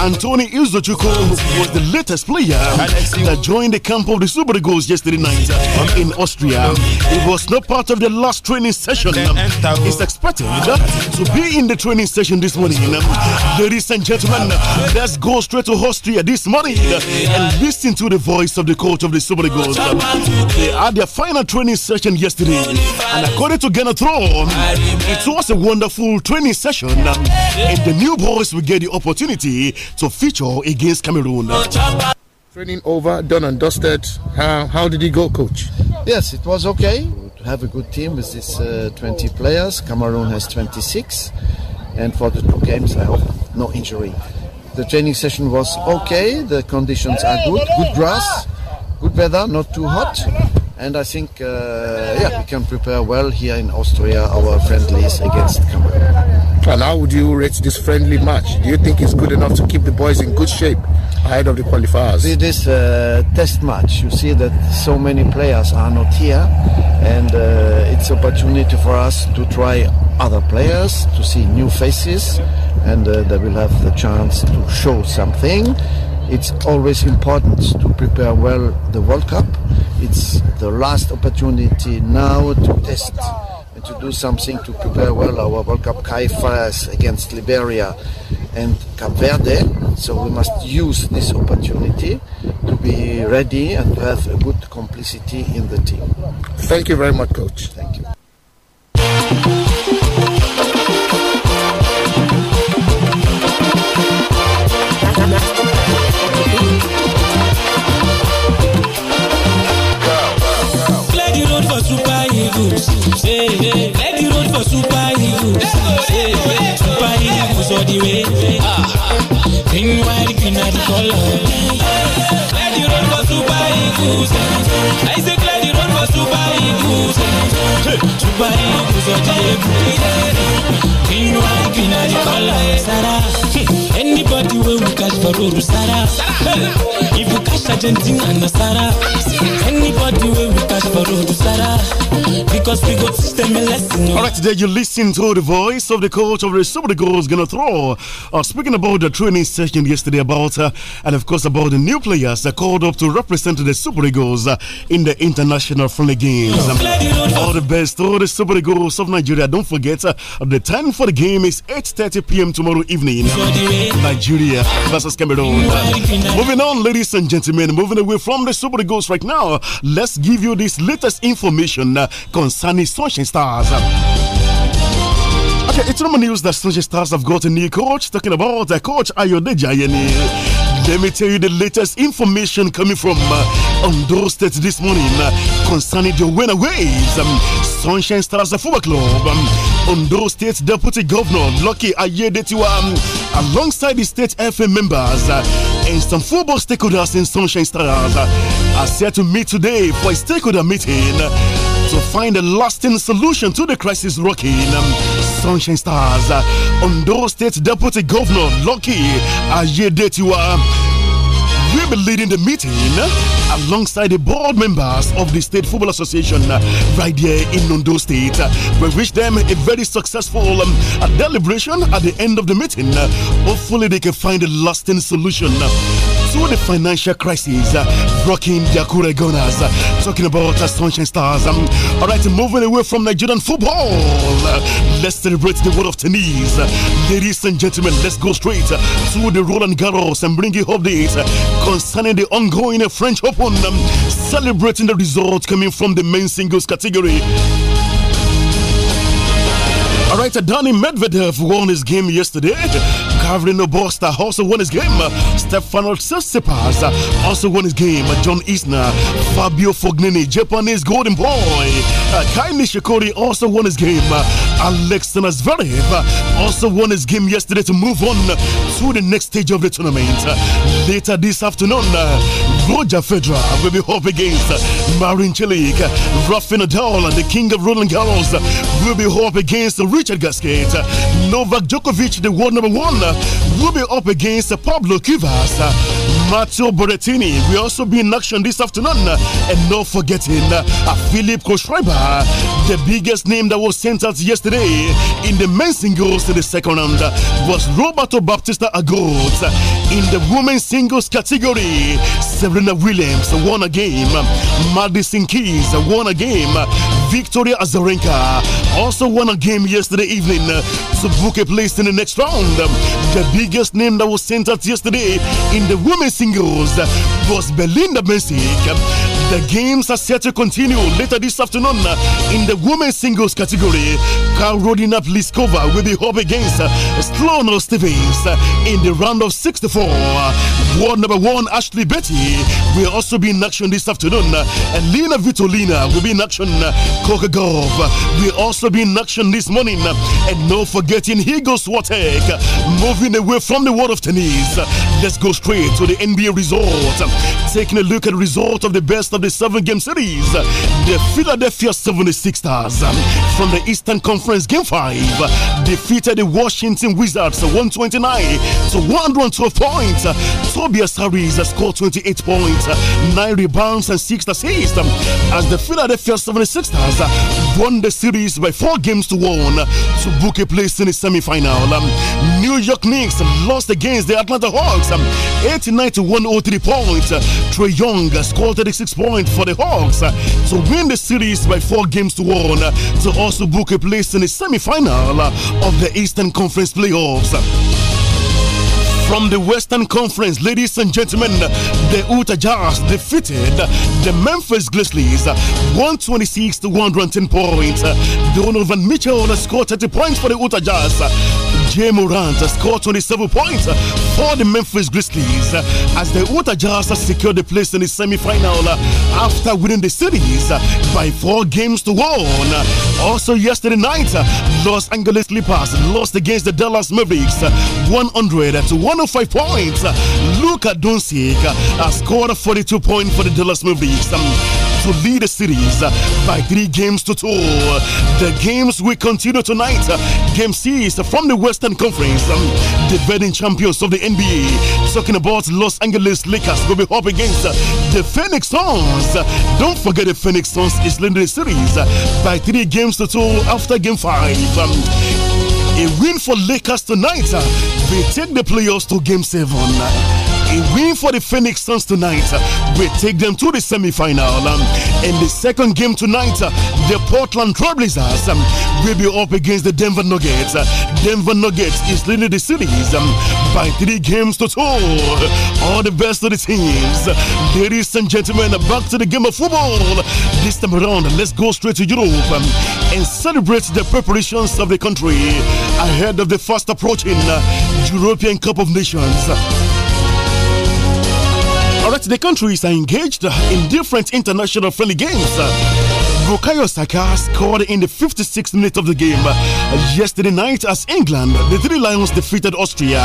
And Tony Izuchuku was the latest player that joined the camp of the Super Eagles yesterday night um, in Austria. It was not part of the last training session. It's expected to be in the training session this morning. Um, ladies and gentlemen, let's go straight to Austria this morning and listen to the voice of the coach of the Super Eagles. Um, they had their final training session yesterday, and according to Ghana Throne, it was a wonderful training session, and the new boys will get the opportunity to feature against Cameroon. Training over, done and dusted. How, how did it go, coach? Yes, it was okay. To have a good team with these uh, 20 players. Cameroon has 26. And for the two games, I hope no injury. The training session was okay. The conditions are good. Good grass, good weather, not too hot and I think uh, yeah, we can prepare well here in Austria our friendlies against Cameroon. And how would you rate this friendly match? Do you think it's good enough to keep the boys in good shape ahead of the qualifiers? With this uh, test match, you see that so many players are not here, and uh, it's opportunity for us to try other players, to see new faces, and uh, they will have the chance to show something. It's always important to prepare well the World Cup. It's the last opportunity now to test and to do something to prepare well our World Cup qualifiers against Liberia and Cape Verde. So we must use this opportunity to be ready and to have a good complicity in the team. Thank you very much, coach. Thank you. you. Hey, hey, let the road for super you. hey, hey. anybody wey catch for road, Sarah. If you catch Argentina and Sarah, anybody wey catch for road, Sarah. Because we go teach them a lesson. All right, today you listen to the voice of the coach of the Super Eagles. Bruno's going to throw. Uh, speaking about the training session yesterday, about uh, and of course about the new players that called up to represent the Super Eagles uh, in the international friendly games. Um, all the best to the Super Eagles of Nigeria. Don't forget uh, the time for the game is 8:30 p.m. tomorrow evening. Nigeria versus Cameroon. Moving on, ladies and gentlemen. Moving away from the Super Eagles right now. Let's give you this latest information uh, concerning Sunshine Stars. Okay, it's normal news that Sunshine Stars have got a new coach. Talking about the coach Ayode Jayeni. Let me tell you the latest information coming from uh, Ondo State this morning uh, concerning the winner waves. Um, Sunshine Stars Football Club, um, Ondo State Deputy Governor Lucky Ayedetiwa, um, alongside the state FA members uh, and some football stakeholders in Sunshine Stars, uh, are set to meet today for a stakeholder meeting. Uh, to find a lasting solution to the crisis rocking um, Sunshine Stars. Uh, Ondo State Deputy Governor Lucky Ayedetiwa will be leading the meeting uh, alongside the board members of the State Football Association uh, right here in Ondo State. We wish them a very successful um, deliberation at the end of the meeting. Hopefully, they can find a lasting solution so the financial crisis uh, rocking their Gunners, uh, talking about uh, Sunshine Stars. Um, all right, moving away from Nigerian football, uh, let's celebrate the world of tennis. ladies and gentlemen, let's go straight uh, to the Roland Garros and bring you updates uh, concerning the ongoing French Open, um, celebrating the results coming from the main singles category. All right, Danny Medvedev won his game yesterday have Reno also won his game. Stefano Tsitsipas also won his game. John Isner, Fabio Fognini, Japanese Golden Boy. Uh, Kai Nishikori also won his game. Alexander Zverev also won his game yesterday to move on to the next stage of the tournament. Later this afternoon, Roger Federer will be up against Marin Cilic. Rafa Nadal, the king of Roland Garros, will be up against Richard Gasquet. Novak Djokovic, the world number one, will be up against Pablo Cuvas Matteo Berrettini will also be in action this afternoon. And not forgetting uh, Philip Koschreiber, the biggest name that was sent out yesterday in the men's singles in the second round was Roberto Baptista Agot. In the women's singles category, Serena Williams won a game, Madison Keys won a game, Victoria Azarenka also won a game yesterday evening to book a place in the next round. The biggest name that was sent out yesterday in the women's singles was Belinda Messick the games are set to continue later this afternoon in the women's singles category. Karolina Pliskova will be up against Sloane Stevens in the round of 64. World number one Ashley Betty will also be in action this afternoon. and Lina Vitolina will be in action. Coca will also be in action this morning. And no forgetting Higo Swatek moving away from the world of tennis. Let's go straight to the NBA resort, Taking a look at the result of the best of of the seven game series, the Philadelphia 76ers from the Eastern Conference Game 5 defeated the Washington Wizards 129 to 112 points. Tobias Harris scored 28 points, 9 rebounds, and 6 assists as the Philadelphia 76ers won the series by 4 games to 1 to book a place in the semifinal. York Knicks lost against the Atlanta Hawks um, 89 to 103 points. Trey Young scored 36 points for the Hawks uh, to win the series by four games to one uh, to also book a place in the semifinal uh, of the Eastern Conference playoffs from the Western Conference, ladies and gentlemen, the Utah Jazz defeated the Memphis Grizzlies 126 to 110 points. Donovan Mitchell scored 30 points for the Utah Jazz. Jay Morant scored 27 points for the Memphis Grizzlies as the Utah Jazz secured the place in the semi-final after winning the series by four games to one. Also yesterday night, Los Angeles Clippers lost against the Dallas Mavericks 100 to 105 points. Luka Doncic scored 42 points for the Dallas Mavericks. Um, to lead the series by three games to two. The games will continue tonight. Game six from the Western Conference, um, the defending champions of the NBA. Talking about Los Angeles Lakers will be up against the Phoenix Suns. Don't forget the Phoenix Suns is leading the series by three games to two after game five. Um, a win for Lakers tonight. They take the playoffs to game seven. A win for the Phoenix Suns tonight will take them to the semi-final. Um, in the second game tonight, uh, the Portland Trailblazers um, will be up against the Denver Nuggets. Uh, Denver Nuggets is leading the series um, by three games to two. All the best of the teams. Ladies and gentlemen, back to the game of football. This time around, let's go straight to Europe um, and celebrate the preparations of the country ahead of the fast approaching uh, European Cup of Nations that the countries are engaged in different international friendly games. Bukayo Saka scored in the 56th minute of the game yesterday night as England, the Three Lions, defeated Austria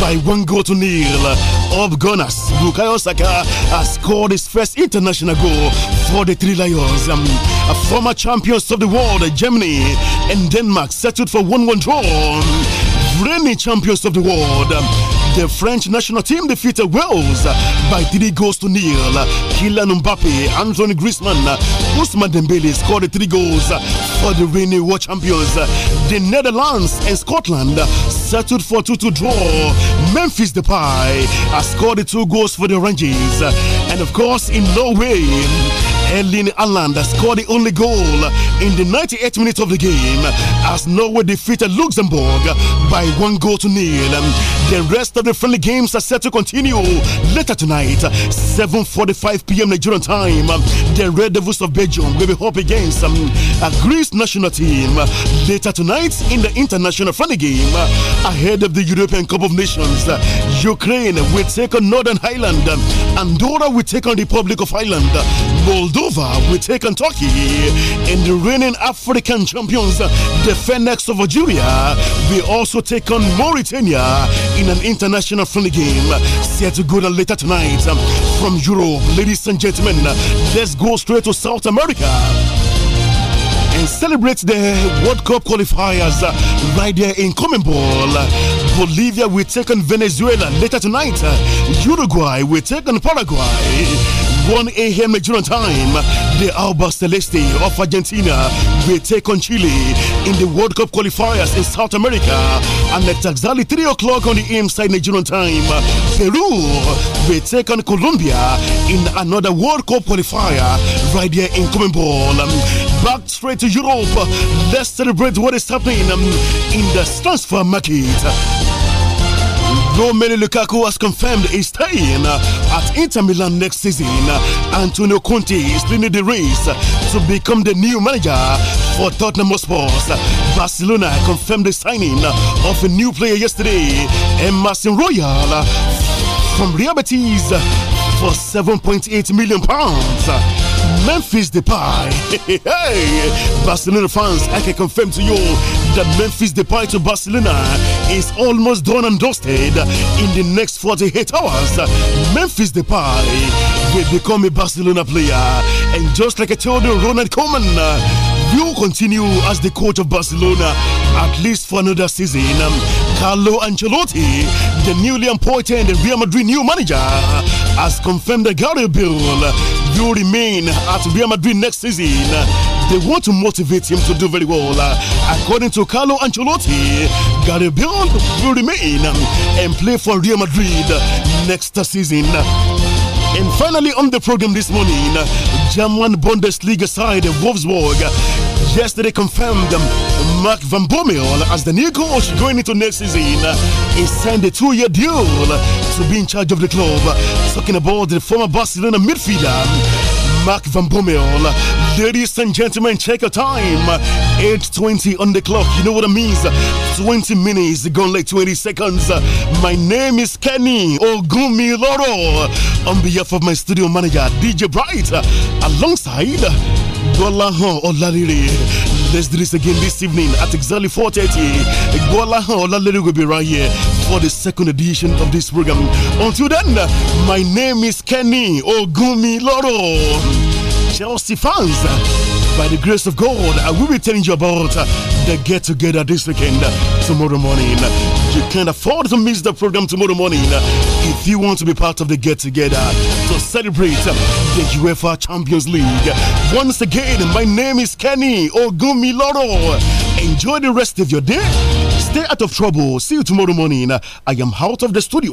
by one goal to nil. Up Gunners, Bukayo Saka has scored his first international goal for the Three Lions. Um, former champions of the world, Germany and Denmark, settled for 1 1 draw. Reigning champions of the world. The French national team defeated Wales by three goals to nil. Kylian Mbappe, Anthony Griezmann, Ousmane Dembele scored three goals for the reigning world champions. The Netherlands and Scotland settled for 2-2 draw. Memphis Depay has scored two goals for the Rangers. And of course, in Norway, Erling Haaland scored the only goal in the 98th minute of the game as Norway defeated Luxembourg by one goal to nil. The rest of the friendly games are set to continue later tonight, 7:45 p.m. Nigerian time. The Red Devils of Belgium will be up against um, a Greece national team later tonight in the international friendly game ahead of the European Cup of Nations. Ukraine will take on Northern Ireland. Andorra will take on Republic of Ireland. Moldova will take on Turkey, and the reigning African champions, the Phoenix of Algeria, will also take on Mauritania in an international friendly game set to go later tonight um, from Europe. Ladies and gentlemen, let's go straight to South America and celebrate the World Cup qualifiers uh, right there in Cominbol. Bolivia will take on Venezuela later tonight. Uh, Uruguay will take on Paraguay. 1 a.m. Nigerian time, the Alba Celeste of Argentina will take on Chile in the World Cup qualifiers in South America. And at exactly 3 o'clock on the m. side Nigerian time, Peru will take on Colombia in another World Cup qualifier right here in Coimbra. Um, back straight to Europe, let's celebrate what is happening um, in the transfer market. Romelu Lukaku has confirmed he's staying at Inter Milan next season. Antonio Conte is leading the race to become the new manager for Tottenham Sports. Barcelona confirmed the signing of a new player yesterday, Emerson Royal from Real Betis for 7.8 million pounds. Memphis Depay. hey, hey, Barcelona fans, I can confirm to you that Memphis Depay to Barcelona is almost done and dusted in the next 48 hours. Memphis Depay will become a Barcelona player. And just like I told you, Ronald Koeman will continue as the coach of Barcelona at least for another season. Um, Carlo Ancelotti, the newly appointed Real Madrid new manager, has confirmed that Gary Bill will remain at Real Madrid next season. They want to motivate him to do very well. According to Carlo Ancelotti, Gary Bale will remain and play for Real Madrid next season. And finally, on the program this morning, German Bundesliga side Wolfsburg yesterday confirmed Mark Van Bommel as the new coach going into next season. He signed a two-year deal to be in charge of the club. Talking about the former Barcelona midfielder, Mark Van Bommel. Ladies and gentlemen, check your time. 8.20 on the clock. You know what it means? 20 minutes gone like 20 seconds. My name is Kenny Ogumiloro. On behalf of my studio manager, DJ Bright, alongside Dolahon Olariri. Let's do this again this evening at exactly 4.30. Igbola Olaleri will be right here for the second edition of this program. Until then, my name is Kenny Ogumi Loro. Chelsea fans, by the grace of God, I will be telling you about the get together this weekend tomorrow morning. You can't afford to miss the program tomorrow morning if you want to be part of the get together to celebrate the UEFA Champions League. Once again, my name is Kenny Ogumiloro. Enjoy the rest of your day. Stay out of trouble. See you tomorrow morning. I am out of the studio.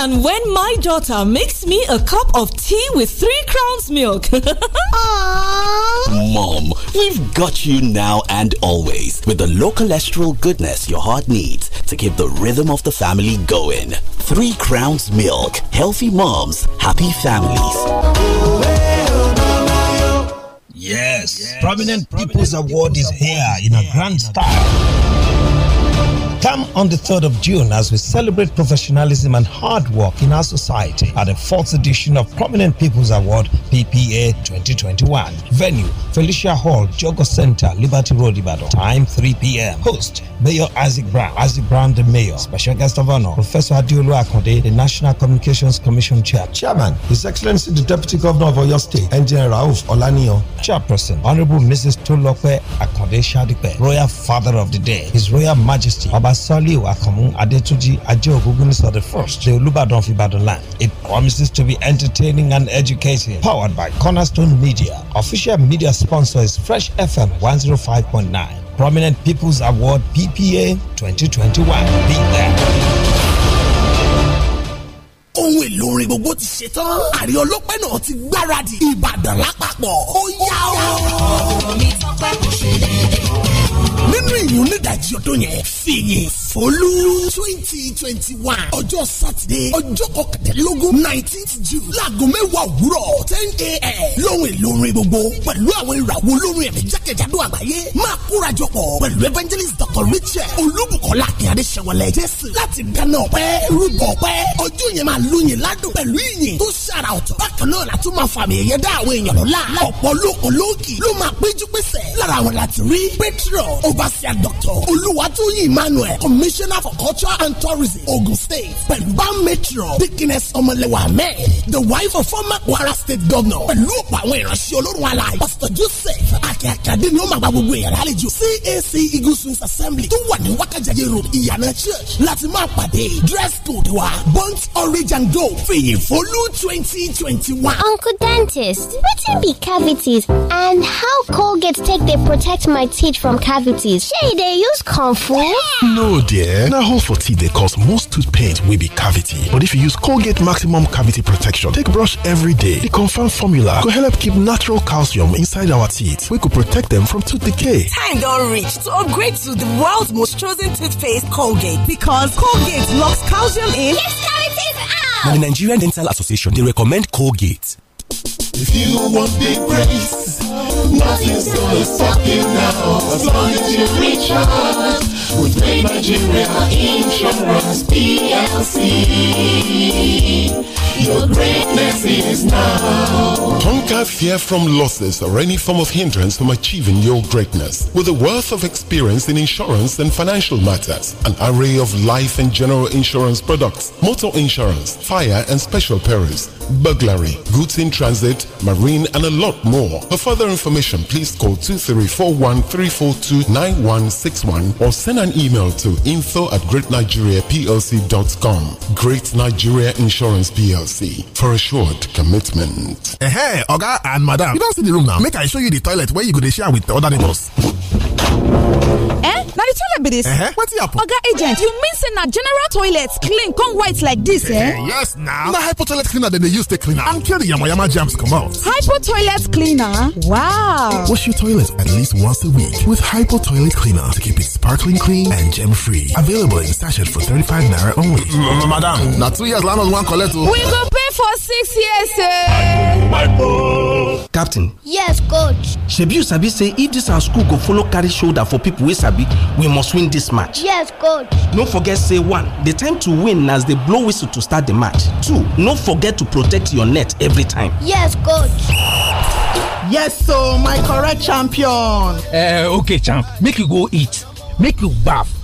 and when my daughter makes me a cup of tea with three crowns milk. Mom, we've got you now and always with the low cholesterol goodness your heart needs to keep the rhythm of the family going. Three crowns milk. Healthy moms, happy families. Yes. yes. Prominent People's Award is here in a grand style. Come on the 3rd of June as we celebrate professionalism and hard work in our society at the fourth edition of Prominent People's Award PPA 2021. Venue Felicia Hall, Jogo Center, Liberty Road, Ibadan. Time 3 p.m. Host Mayor Isaac Brown, Isaac Brown the Mayor. Special guest of honor Professor Adiolu Akonde, the National Communications Commission Chair. Chairman His Excellency the Deputy Governor of Oyo State, Engineer Rauf Olaniyo. Chairperson Honorable Mrs. Tolope Akonde Shadipe, Royal Father of the Day, His Royal Majesty Baba Ọba Soliu Akamu Adetunji Ajeogungunisa the first, the Olubadan Fibadan land. It promises to be entertaining and educating. Powered by Cornerstone Media. Official media sponsor is Fresh FM 105.9. Prominent People's Award PPA 2021. Be there. ohun èlò orin gbogbo ti ṣe tán. àrí ọlọ́pẹ́ náà ti gbáradì ìbàdàn lápapọ̀ ó yá o. ọ̀rọ̀ nínú ìyún nídàjí ọdún yẹn fìyìn fólú twenty twenty one ọjọ́ sátidé ọjọ́ kọkàndínlógún nineteenth june láago mẹ́wàá òwúrọ̀ ten a.m. lóhùn èlò orin gbogbo pẹ̀lú àwọn ìràwọ̀ olórin ẹ̀mí jákèjádò àgbáyé máa kórajọ pọ̀ pẹ̀lú evangelist dr richard olúbùkọ́lá akínyàdé sẹ̀wọ̀lẹ̀ jésù láti dáná ọpẹ́ rúbọ ọpẹ́ ọjọ́ yẹn máa lóyin ládùn pẹ̀lú ìyìn tó ṣàrà ọ̀tọ̀ bákan náà la tún máa fàmì ẹ̀yẹ dá àwọn èèyàn lọ́la ọ̀pọ̀ lókun lóòkì ló máa péjú pésẹ̀ lára àwọn láti rí petro overseer doctor olúwatóyìn commissioner for culture and tourism, Ogun State. Pẹ̀lú Metro Dickiness Ọmọlẹ́wà me. the wife of former Kwara State Governor. Pẹ̀lú ọ̀pọ̀ àwọn ìránṣẹ́ olórun aláì. Pastor Joseph Akíakíadé ni ó máa gba gbogbo èèyàn lálejò. CAC Eagle Swings Assembly tó wà ní Wákàjáde Road, Ìyànà Church láti máa pàdé. Dress code wa burnt orange and gold fìyìn fólú twenty twenty one. Uncle Dentist, wetin be cavities and how Colgate take dey protect my teeth from cavities? Shey e dey use comfort? No dear. Now, holes for teeth, they cause most tooth pain will be cavity. But if you use Colgate Maximum Cavity Protection, take brush every day. The confirmed formula could help keep natural calcium inside our teeth. We could protect them from tooth decay. Time don't reach to upgrade to the world's most chosen toothpaste, Colgate. Because Colgate locks calcium in. Yes, cavities out! Now, the Nigerian Dental Association, they recommend Colgate. If you want big breaks, nothing's gonna stop you now. As long as you reach out Food Trade Nigeria Insurance PLC. Your greatness is now. Conquer fear from losses or any form of hindrance from achieving your greatness. With a wealth of experience in insurance and financial matters, an array of life and general insurance products, motor insurance, fire and special perils burglary, goods in transit, marine, and a lot more. For further information, please call 2341 or send an email to info at greatnigeriaplc.com. Great Nigeria Insurance PLC for assured commitment. Eh, hey, Oga and Madam, you don't see the room now. Make I show you the toilet where you could share with the other neighbors. eh Now the toilet be dis eh wetin happen. oga agent you mean say na general toilet clean come white like this? eh yes na na hypo toilet cleaner than dey use use the clean am and kill the yamayama germs comot. Hypo toilet cleaner? Wow! Wash your toilet at least once a week with Hypo toilet cleaner to keep it sparkling clean and germ free. Available in sachet for 35 naira only. Madam, na two years land wan one coletto. Oh. We go pay for six years eh. Captain. Yes, coach. Shebi sabi say if this our school go follow carry shoulder for people we sabi, we must win this match. Yes, coach. No forget say one, the time to win as they blow whistle to start the match. Two, no forget to protect protect your net every time. Yes, coach. yes so my correct champion Uh, okay champ make you go eat make you baff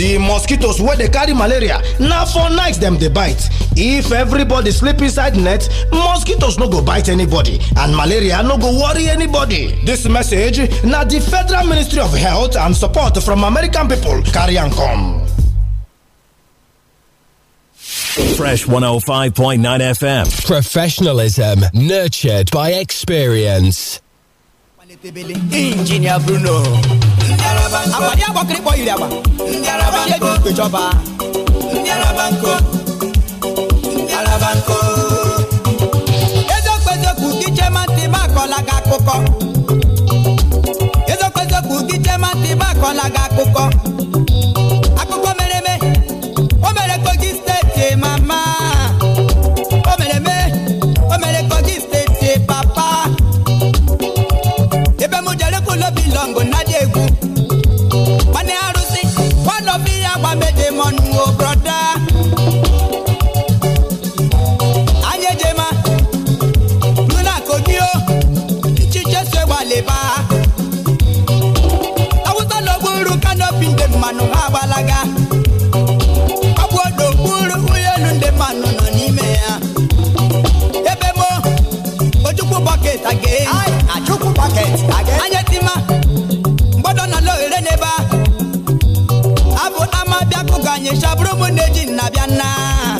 the mosquitoes wey dey carry malaria na for night dem dey bite if everybody sleep inside net mosquitoes no go bite anybody and malaria no go worry anybody dis message na di federal ministry of health and support from american pipo carry am come. Fresh 105.9 FM. Professionalism nurtured by experience. Engineer Bruno. àpàdé àbọ̀kìrìpọ̀ ìrìn àbà ṣé ju ìgbèjọba. ezokwezokwu gị chema ntịba akọla gị akụkọ ezokwezokwu gị chema ntịba akọla gị akụkọ bá méje mọ́nu o bro. anyị chọbụrụ neji nabiana. bịa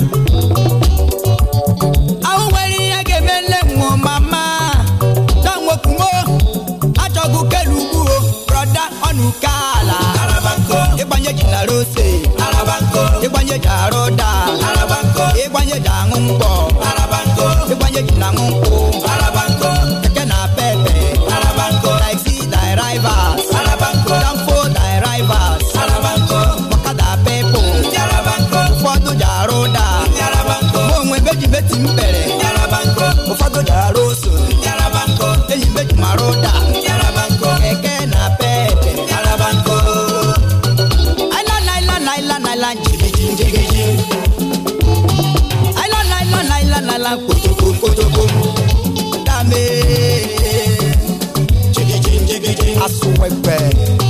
sou é pé.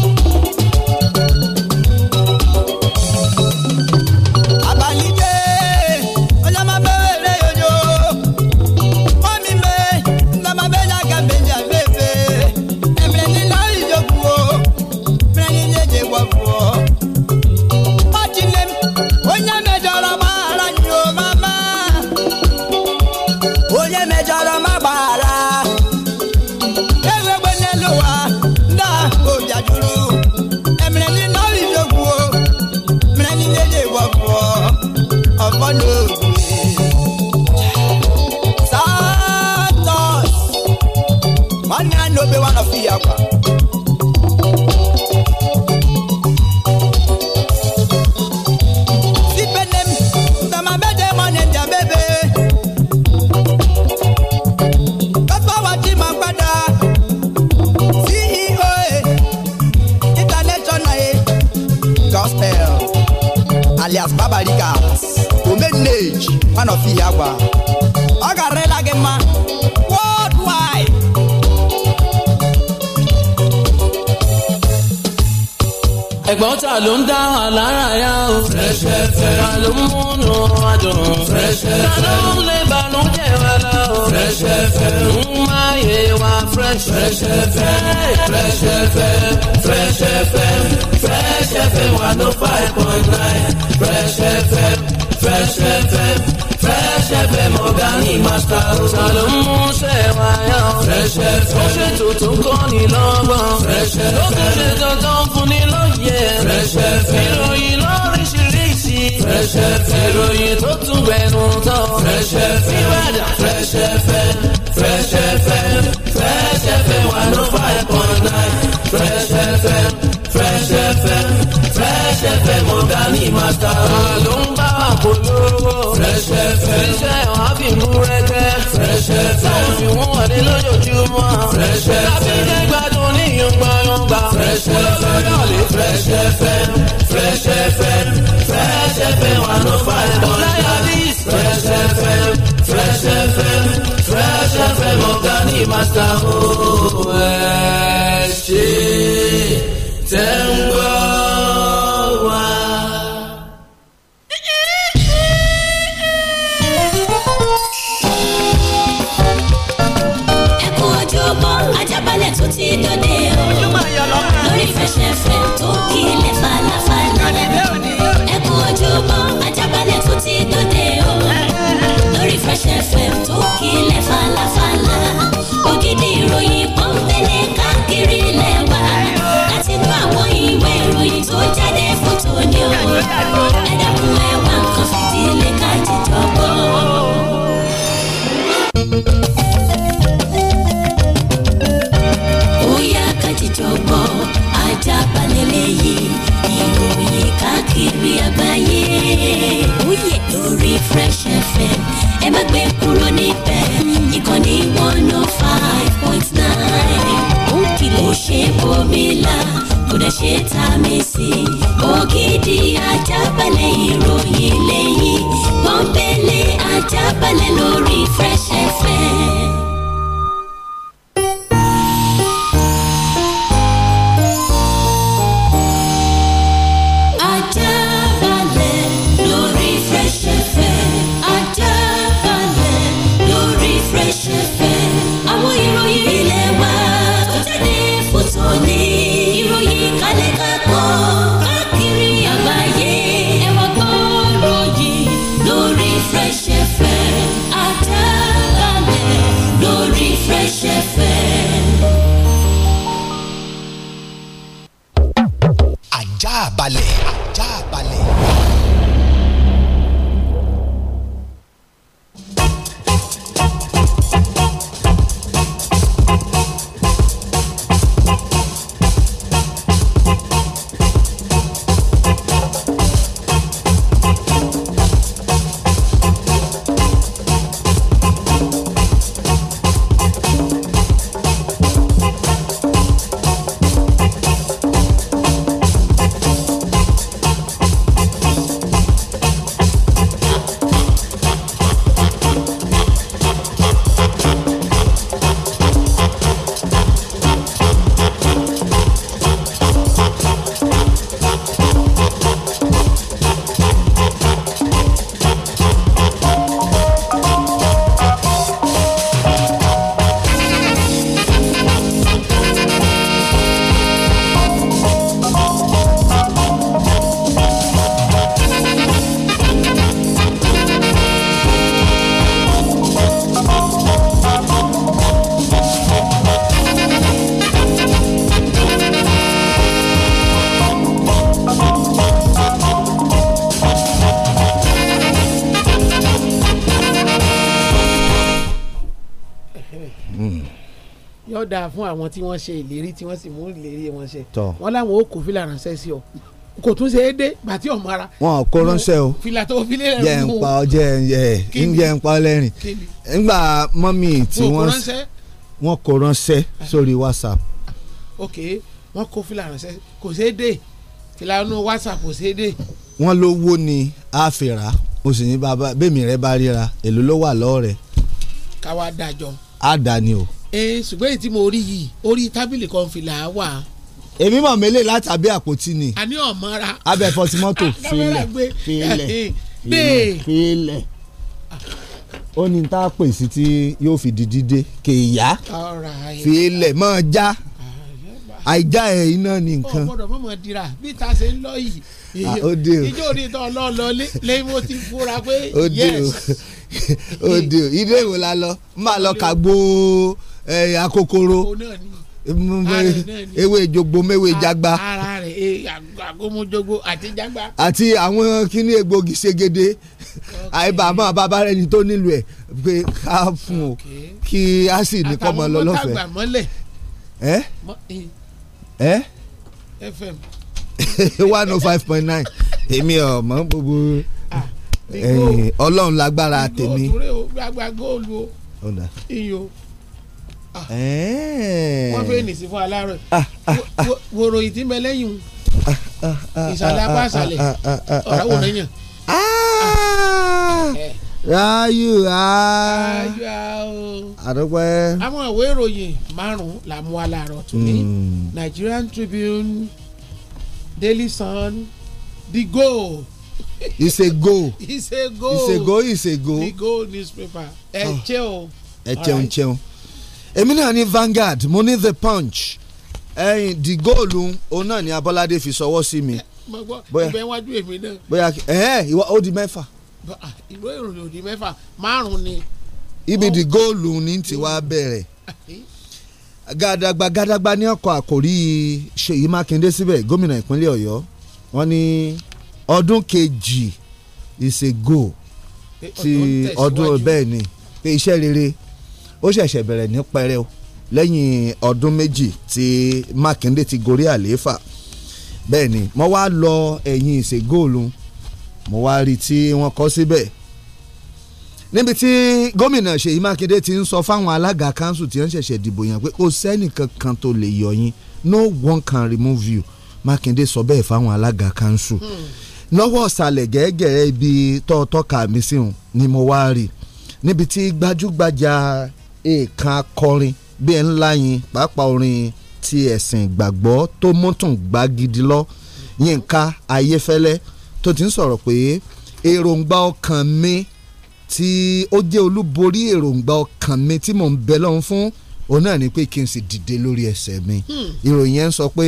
akwa. ló ń dá wa lára yá o. Fresh FM. ta ló ń múnú wa dùn. Fresh FM. ta ló ń lé balùwẹ̀ wa lọ. Fresh FM. ń máa yé wa Fresh. Fresh FM. Fresh FM. Fresh FM. Fresh FM one oh five point nine. Fresh FM. Fresh FM. Fresh FM ọ̀gáàní màsítà ọ̀sà ló ń mú sẹ́wáyà. Fresh FM ó ṣe tuntun kọ́ ni lọ́gbọ̀n. Fresh FM ó kéde dandan fún ni lóye. Fresh FM ìròyìn lóríṣiríṣi. Fresh FM ìròyìn tó tún gbẹnu tán. Fresh FM ìbàdàn. Fresh FM Fresh FM Fresh FM one oh five point nine. Fresh FM Fresh FM Fresh FM ọ̀gáàní màsítà. àlọ́ ń bá polówó. fẹsẹ̀ fẹsẹ̀ ọ̀hábì mú rẹ́tẹ́. fẹsẹ̀ fẹ́ táwọn fi wọ́n wọlé lójoojúmọ́. fẹsẹ̀ fẹ́ láti jẹ́ gbádùn ní yọ̀ngbàyọ̀ngbà. fẹsẹ̀ fẹ́ lọ́lé fẹsẹ̀ fẹ́ fẹsẹ̀ fẹ́ fẹsẹ̀ fẹ́ wà ló fà ẹ̀ bọ́ fẹsẹ̀ fẹ́ fẹsẹ̀ fẹ́ fẹsẹ̀ fẹ́ mọ̀ká ní màsà ó ẹ̀ ṣe tẹ́ ń gbọ́. fm tó kílẹ̀ falafala ògidì ìròyìn kan fẹ́lẹ̀ káàkiri lẹ́wà láti gbọ́ àwọn ìwé ìròyìn tó jáde fún tòní o ẹ dákun ẹ wá nǹkan fìdílé ká jíjọ gbọ́. ó yá ajá balẹ̀ lẹ́yìn ìròyìn káàkiri àgbáyé lórí Fresh FM ẹ má gbé kúrò níbẹ̀ ìkànnì one oh five point nine ó kìlọ̀ ṣe bòmílà kò dẹ̀ ṣe tá a mi sí i ògidì ajábalẹ̀ ìròyìn lẹ́yìn pọ́npẹ́lẹ́ ajábalẹ̀ lórí Fresh FM. àwọn tí wọ́n ṣe ìlérí tí wọ́n sì mú ìlérí wọn ṣe wọ́n láwọn ó kó fìlà ránṣẹ́ sí ọ kò tún ṣe é dé bàtí ọmọ ara. wọn kò ránṣẹ́ o fìlà tó fi lélẹ̀ yẹn pa ọ jẹ ẹ ń pa ọ lẹ́rìn nígbà mọ́mì tí wọ́n wọn kò ránṣẹ́ sórí whatsapp. ok wọn kó fìlà ránṣẹ́ kò ṣe é dé fìlà inú whatsapp kò ṣe é dé. wọn lówó ni a fi rà o sì ní bàbá bẹ́ẹ̀ mi rẹ bá ríra èlò ló wà lọ́ọ̀rẹ́. káwa dájọ. a dà ní o ee eh, ṣùgbọ́n èyí tí mo rí yìí orí tábìlì kan fìlà wà. èmi mọ̀ mélé láti abẹ́ àpótí ni. a ní ọ̀mọ́ra. abẹ́ fọtí mọ́tò filẹ̀ filẹ̀ filẹ̀ ó ní tá a pè sí tí yóò fi di dídé kéèyà filẹ̀ mọ́ já ah, àìjá ẹ̀ iná ni nǹkan. o gbọ́dọ̀ mọ̀mọ́ dira bí ta ṣe ń lọ yìí. ìjọ òde tó lọ lọ lẹ́yìn mo ti fura pé yes. òde ò ìdè ìwò la lọ máa lọ kàgbó akokoro ewé jogbo mewé jagba àti jagba. àti àwọn kíní egbògi ṣègede àìbá àmọ́ bàbá rẹ̀ ni tó nílò ẹ̀ pé ká fún o kí a sì ní kọ́ ọmọ lọ́lọ́fẹ̀ẹ́. fm. one oh five point nine èmi ọmọ gbogbo ọlọ́run lágbára tèmi. ìgò òtúrẹ́ o gbàgbà góòlù o iyò. Ah. Eh. wọ́n fẹ́ nìsí fún aláàárọ̀ wòrò ìtí bẹ lẹ́yìn ah, ah, ìsàlẹ̀ apá àsàlẹ̀ ọ̀rá wò lẹ́yìn. ráyù á àdúgbò. àwọn ìwé ìròyìn márùn-ún la mú aláàárọ̀ tún ní hmm. Nigerian Tribune Daily Sun The Goal it's a go it's a go it's a go it's a go the go newspaper ẹ jẹun ẹ jẹun jẹun èmi náà ní Vanguard mo ní The Punch ẹyin di góòlù òun náà ni Abọ́ládé fi sọwọ́ sí mi. Eh, bóyá ìbẹ̀ wájú èmi náà. bóyá ẹ ẹ ó di mẹ́fà. ìlú ìròyìn ò di mẹ́fà márùn-ún ni. ibi di góòlù ní tiwa bẹ̀rẹ̀ gàdàgbà gàdàgbà ní ọkọ̀ àkòrí Ṣèyí Mákindé síbẹ̀ gómìnà ìpínlẹ̀ Ọ̀yọ́ wọ́n ní ọdún kejì ìṣègò ti ọdún bẹ́ẹ̀ ni pé iṣẹ́ rere ó ṣẹ̀ṣẹ̀ bẹ̀rẹ̀ ní pẹrẹ o lẹ́yìn ọdún méjì tí Mákindé ti gorí àlééfà bẹ́ẹ̀ ni mo wá lọ ẹ̀yìn ìṣègóòlù mo wá rí tí wọ́n kọ́ síbẹ̀ níbi tí gómìnà Ṣèyí Mákindé ti ń sọ fáwọn alága kanṣu tí wọ́n ṣẹ̀ṣẹ̀ dìbò yàn pé kò sẹ́nìkan kan tó lè yọ yín no one can remove you Mákindé sọ bẹ́ẹ̀ fáwọn alága kanṣu hmm. lọ́wọ́ ọ̀sàlẹ̀ gẹ́gẹ́rẹ́ ibi tọ́ọ̀tọ́ka mi sí òun ni mo wá rí níbi tí gbajúgbajà èèkàn akọrin bí ẹ ń láyin pàápàá orin ti ẹ̀sìn ìgbàgbọ́ tó mọ́tún gbàgidi lọ Yínká Ayéfẹ́lẹ́ tó ti ń sọ̀rọ̀ pé èròǹgbà ọkàn mi tí ó jẹ́ olúborí èròǹgbà ọkàn mi tí mò ń bẹ lọ́hún fún òun náà ni pé kí n sì dìde lórí ẹsẹ̀ mi hmm. ìròyìn yẹn ń sọ pé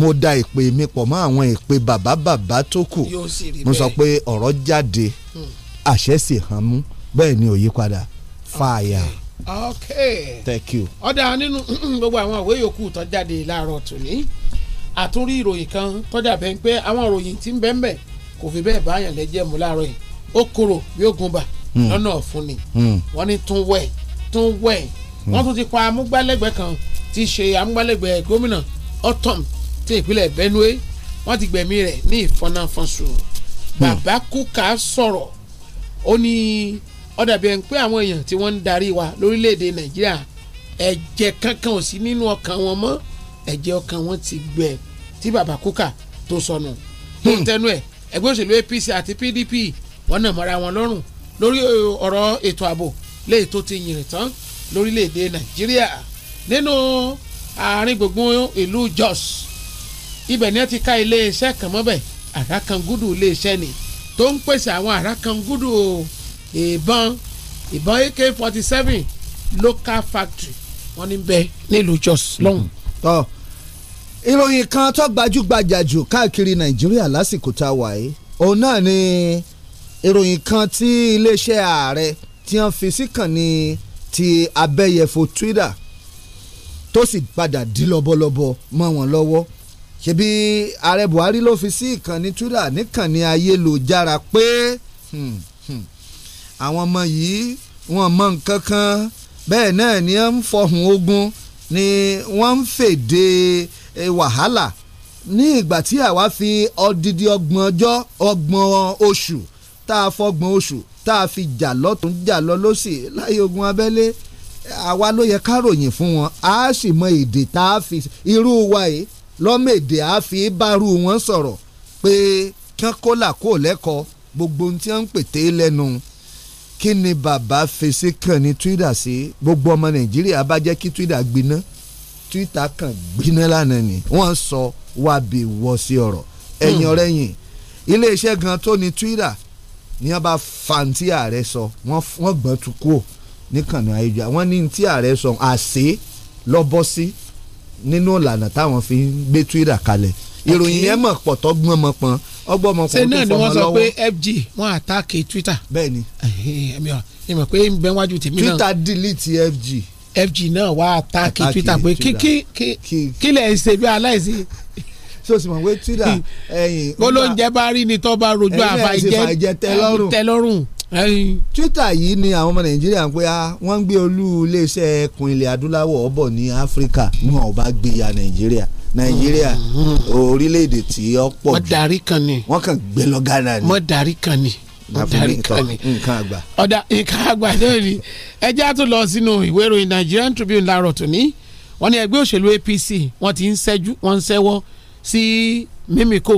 mo da ìpè mi pọ̀ mọ́ àwọn ìpè bàbá bàbá tó kù mo sọ pé ọ̀rọ̀ jáde hmm. àṣẹ sì hàn mú bẹ́ẹ̀ ni ó yí Okay ok thank you. ọ̀dà nínú gbogbo àwọn ìwé yòókù tó jáde láàárọ̀ tòní àtúrí ìròyìn kan tọ́jà bẹ́ẹ̀ pé àwọn ìròyìn tí ń bẹ́ẹ̀ bẹ́ẹ̀ kò fi bẹ́ẹ̀ báyàn lẹ́jẹ̀ mú láàárọ̀ yìí ó korò bí ó gun bà hmm. lọ́nà ọ̀fun ni hmm. wọ́n ní tún wẹ̀ tún wẹ̀ hmm. wọ́n tún ti pa amúgbálẹ́gbẹ̀ẹ́ kan ti ṣe amúgbálẹ́gbẹ̀ẹ́ gómìnà otom ti ìpínlẹ̀ Benue wọ́n ti gbẹ̀mí rẹ̀ ní ìfọnáfọ́nsu bàbá kúkà sọ̀rọ̀ ó ní. Oni ó dàbí ẹni pé àwọn èèyàn tí wọ́n ń darí wa lórílẹ̀‐èdè nàìjíríà ẹ̀jẹ̀ kankan ò sí nínú ọkàn wọn mọ́ ẹ̀jẹ̀ ọkàn wọn ti gbẹ tí baba kúkà tó sọnù tó ń hmm. tẹnu ẹ̀ ẹgbẹ́ òṣèlú apc àti pdp wọn náà mọ́ra wọn lọ́rùn lórí ọ̀rọ̀ ètò ààbò léyìí tó ti yìnrìn tán lórílẹ̀‐èdè nàìjíríà nínú àárín gbùngbùn ìlú jos ibẹ̀ ni wọ́n ti ká iléeṣẹ́ kan mọ́bẹ̀ àràkàngúdù iléeṣẹ́ ni tó ń pèsè àwọn àràkàngúdù o ìbọn ìbọn AK forty seven local factory wọ́n ní bẹ nílùú Jos lọ́hùn. Mm-hmm. tọ́ ìròyìn kan tó gbajúgbajà jù káàkiri Nàìjíríà lásìkò tá a wà yìí òun náà ni ìròyìn kan tí iléeṣẹ́ ààrẹ tí wọ́n fi síkànnì ti abẹ́yẹfò Twitter tó sì padà dí lọ́bọ̀lọ́bọ̀ mọ́ wọn lọ́wọ́ ṣebí ààrẹ Buhari ló fi sí ìkànnì Twitter níkànnì ayélujára pé. Hmm, àwọn ọmọ yìí wọ́n mọ nǹkan kan bẹ́ẹ̀ náà ni wọ́n ń fọhùn ogun ni wọ́n ń fèdè eh, wàhálà ní ìgbà tí àwa fi odidi ọgbọ̀n ọjọ́ ọgbọ̀n oṣù tá a fọgbọ̀n oṣù tá a fi jà lọ́tún jà lọ lọ́sì láyé ogun abẹ́lé àwa ló yẹ ká ròyìn fún wọn a sì mọ èdè tá a fi irú wa yìí lọ́mọ èdè a fi bárú wọn sọ̀rọ̀ pé kí wọ́n kó làkó lẹ́kọ̀ọ́ gbogbo ohun tí wọ́n ń pètè lẹ́nu kí ni bàbá fèsì kàn ní Twitter sí gbogbo ọmọ Nàìjíríà bá jẹ́ kí Twitter gbiná Twitter kàn gbiná lánàá ni wọ́n sọ wàbí wọ́ sí ọ̀rọ̀ hmm. ẹ̀yìn ọ̀rẹ́ yìí iléeṣẹ́ gan tó ní Twitter ní wọ́n bá fàǹtí ààrẹ sọ wọ́n gbọ́n tún kú níkànnì ayélujára wọ́n ní tí ààrẹ sọ àṣẹ lọ́bọ́ sí nínú ìlànà táwọn fi ń gbé Twitter kalẹ̀ ìròyìn yẹn mọ̀ pọ̀tọ́ gbọ́n mọ̀ pọ́n ọgbọ́n mọ̀ pọ́n tó fọmọ lọ́wọ́. ṣé náà ni wọ́n sọ pé FG wọ́n àtàkì Twitter. bẹ́ẹ̀ni ẹmi ọ ẹ mọ̀ pé ń bẹ wájú tèmi náà. Twitter delete FG. FG náà wá àtàkì Twitter pé kí lẹ̀ ń ṣe bí aláìsí so sì mọ̀ pé twitter ẹ̀yìn. bó ló ń jẹ́ bá rí ni tó bá rojú àfàìjẹ́ tẹ́lọ́rùn. twitter yìí ni àwọn ọmọ nàìjíríà ń pè á ah, wọ́n gbé olú iléeṣẹ́ ẹkùn ilẹ̀ adúláwọ̀ ọ̀bọ̀ ní áfíríkà wọn ò bá gbé ya nàìjíríà nàìjíríà orílẹ̀-èdè tí ó pọ̀ jù wọ́n darí kan ni kàn gbé lọ Ghana ni wọ́n darí kan ni wọ́n darí kan ni nǹkan àgbà. ọ̀dà nǹkan àgbà náà ni ẹjẹ́ tó lọ sínú ìwé ìròyìn Nigerian Tribune láàárọ̀ tòní wọ́n ní ẹgbẹ́ òṣèlú APC wọ́n ti ń ṣẹ́jú wọ́n ń ṣẹ́wọ́ sí mímíkò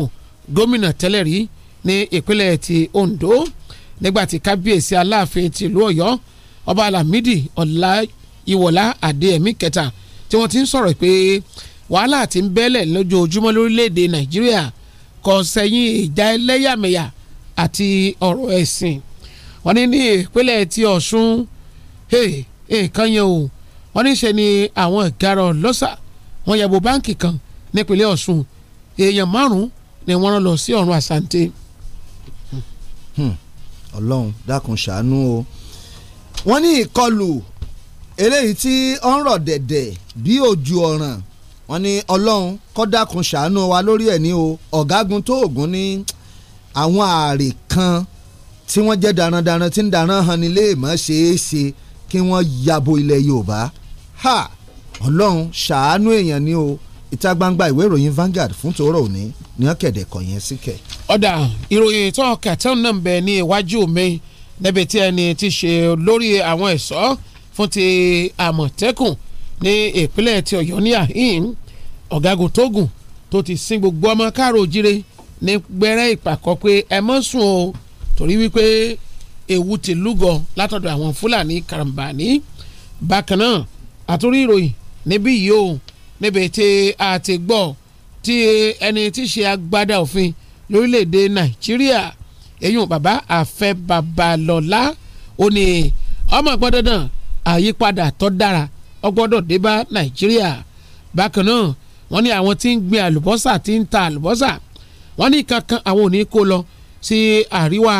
gómìnà tẹ́lẹ̀ rí ní ìpínlẹ̀ ti Ondo nígbàtí kábíyèsí aláàfin tìlú Ọ̀yọ́ ọba Lámìdí Ọláyíwọlá Adéyẹmí kẹta tí wọ́n ti ń sọ̀rọ̀ pé wàhálà tí ń bẹ́lẹ̀ lójoojúmọ́ lórílẹ̀‐èdè nàìjíríà kò sẹ́yìn ìjà ẹlẹ́yàmẹ̀yà àti ọ̀rọ̀ ẹ̀sìn wọ́n ní ní ìpínlẹ̀ ti ọ̀ṣun nǹkan yẹn o wọ́n ní ṣe ni àwọn ìgarọ̀ lọ́sà wọ́n yàgò báǹkì kan nípínlẹ̀ ọ̀ṣun èèyàn márùn-ún ni wọ́n rán lọ sí ọ̀run àsante. Hmm. ọlọ́run dákun ṣàánú o wọ́n ní ìkọlù eléyìí tí ó ń rọ̀ dẹ̀dẹ̀ bí ojú ọ̀ràn wọ́n ní ọlọ́run kọ́ dákun ṣàánú wa lórí ẹ̀ ní o ọ̀gágun tó ògùn ní àwọn ààrẹ kan tí wọ́n jẹ́ darandaran tí ń daran han ni léèmọ́ ṣeé kí wọ́n yabo ilẹ̀ yorùbá ha ọlọ́run ṣàánú èèyàn ní o ìta gbangba ìwé ìròyìn Vanguard fún tòórọ òní ni wọn kẹ̀dẹ̀ kọ̀ yẹn síkẹ̀. ọ̀dà ìròyìn tó kàtẹ́wọ̀n náà bẹ̀ ní iwájú mi níbi tí ẹni ti ṣe lórí àwọn ẹ̀ṣọ́ fún ti àmọ̀tẹ́kùn ní ìpínlẹ̀ ti ọ̀yọ́ ní àhín ọ̀gágun tógùn tó ti sin gbogbo ọmọ káàró òjire ní gbẹ́rẹ́ ìpàkọ́ pé ẹ mọ́ sùn o torí wípé ewu ti lúgọ látọ̀dọ̀ àwọn fúlàní karambani bákan náà àtúrí ìròyìn níbí yìí o níbi tí a ti gbọ́ tí ẹni tí ṣe agbádá òfin lórílẹ̀‐èdè nàìjíríà eyín bàbá àfẹ́ babalọ́lá ó ní ọmọ ìpọ́n àyípadà tó dára ọgbọ́dọ̀ dé bá nàìjíríà bákan náà wọ́n ní àwọn tí ń gbin àlùbọ́sà tí ń ta àlùbọ́sà wọ́n ní kankan àwọn ò ní kó lọ sí àríwá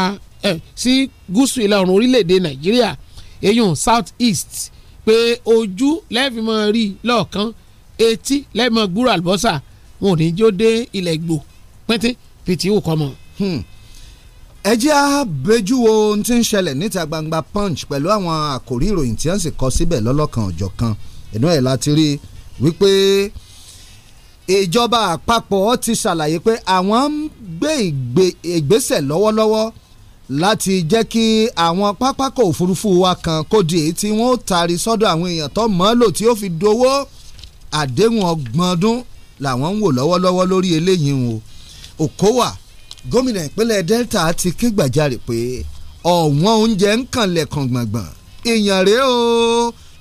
ẹ sí gúúsù ìlà oòrùn orílẹ̀-èdè nàìjíríà èyun south east pé ojú lẹ́ẹ̀fìmọ̀ rí lọ́ọ̀kan etí lẹ́ẹ̀mọ̀ gbúrò àlùbọ́sà wọn ò ní jó dé ilẹ̀ gbò pẹ́ntẹ́ fìtí wò ẹ jẹ́ àbẹ́jú wo ohun tí ń ṣẹlẹ̀ níta gbangba punch pẹ̀lú àwọn àkòrí ìròyìn tí wọ́n sì kọ síbẹ̀ lọ́lọ́kan ọ̀jọ̀ kan inú ẹ̀ láti rí wípé ìjọba àpapọ̀ ti ṣàlàyé pé àwọn ń gbé ìgbésẹ̀ lọ́wọ́lọ́wọ́ láti jẹ́ kí àwọn pápákọ̀ òfurufú wa kan kó di èyí tí wọ́n ó taari sọ́dọ̀ àwọn èèyàn tó mọ̀ lò tí ó fi dowó àdéhùn ọgbọ̀n ọdún làwọn ń wò lọ́wọ́lọ́wọ́ lórí eléyìí o Okowa gómìnà ìpínlẹ̀ Delta ti ké gbàjarè pé ọ̀wọ́n oúnjẹ ń kànlẹ̀ kan gbọ̀ngbọ̀n èèyàn rèé o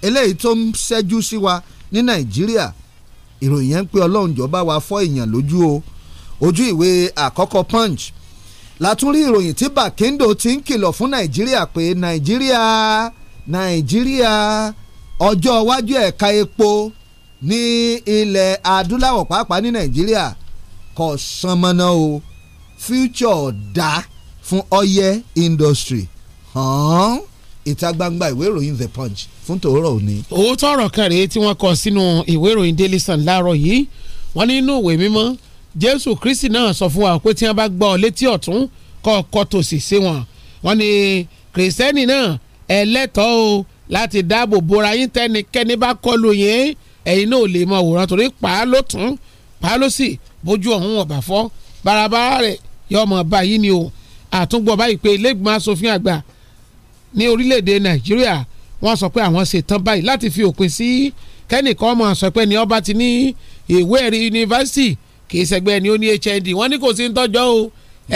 eléyìí tó ń ṣẹ́jú sí wa ní Nàìjíríà ìròyìn yẹn ń pé Ọlọ́run jọba wa fọ́ èèyàn lójú o ojú ìwé àkọ́kọ́ Punch látúrí ìròyìn tí Bàkíndò ti ń kìlọ̀ fún Nàìjíríà pé Nàìjíríà Nàìjíríà ọjọ́ iwájú ẹ̀ka epo ní ilẹ̀ adúláwọ̀ pàápàá ní Nàìjíríà kò sanmọ́nà o future dá fún oil industry hàn ìta gbangba ìwé ìròyìn the punch fún tòórọ̀ òní. òótọ́ ọ̀rọ̀ kan rèé tí wọ́n kọ sínú ìwé ìròyìn daily sun láàárọ̀ yìí wọ́n ní inú ìwé mímọ́ jésù kristi náà sọ fún wa pé tí wọ́n bá gbọ́ ọ létí ọ̀tún kọ́ ọkọ́ tòsì sí wọn wọ́n ní kìrìsìtẹ́nì náà ẹlẹ́tọ̀ọ́ o láti dáàbò bora yín tẹ́nikẹ́ni bá kọlù yín ẹ̀yin náà ò lè mọ òwòrán torí pàá tún pàá ló bójú ọ̀hún ọ̀bà fọ́ bàràbàrà rẹ̀ yọmọ báyìí ni o àtúngbọ̀ báyìí pé ilégbèmọ̀ asòfin àgbà ní orílẹ̀-èdè nàìjíríà wọ́n sọ pé àwọn ṣetán báyìí láti fi òpin sí kẹ́nìkan ọmọ sọ pé ní ọba ti ní ìwé ẹ̀rí yunifásitì kì í ṣẹgbẹ́ ni ó ní hnd wọ́n ní kò sí ń tọ́jọ́ o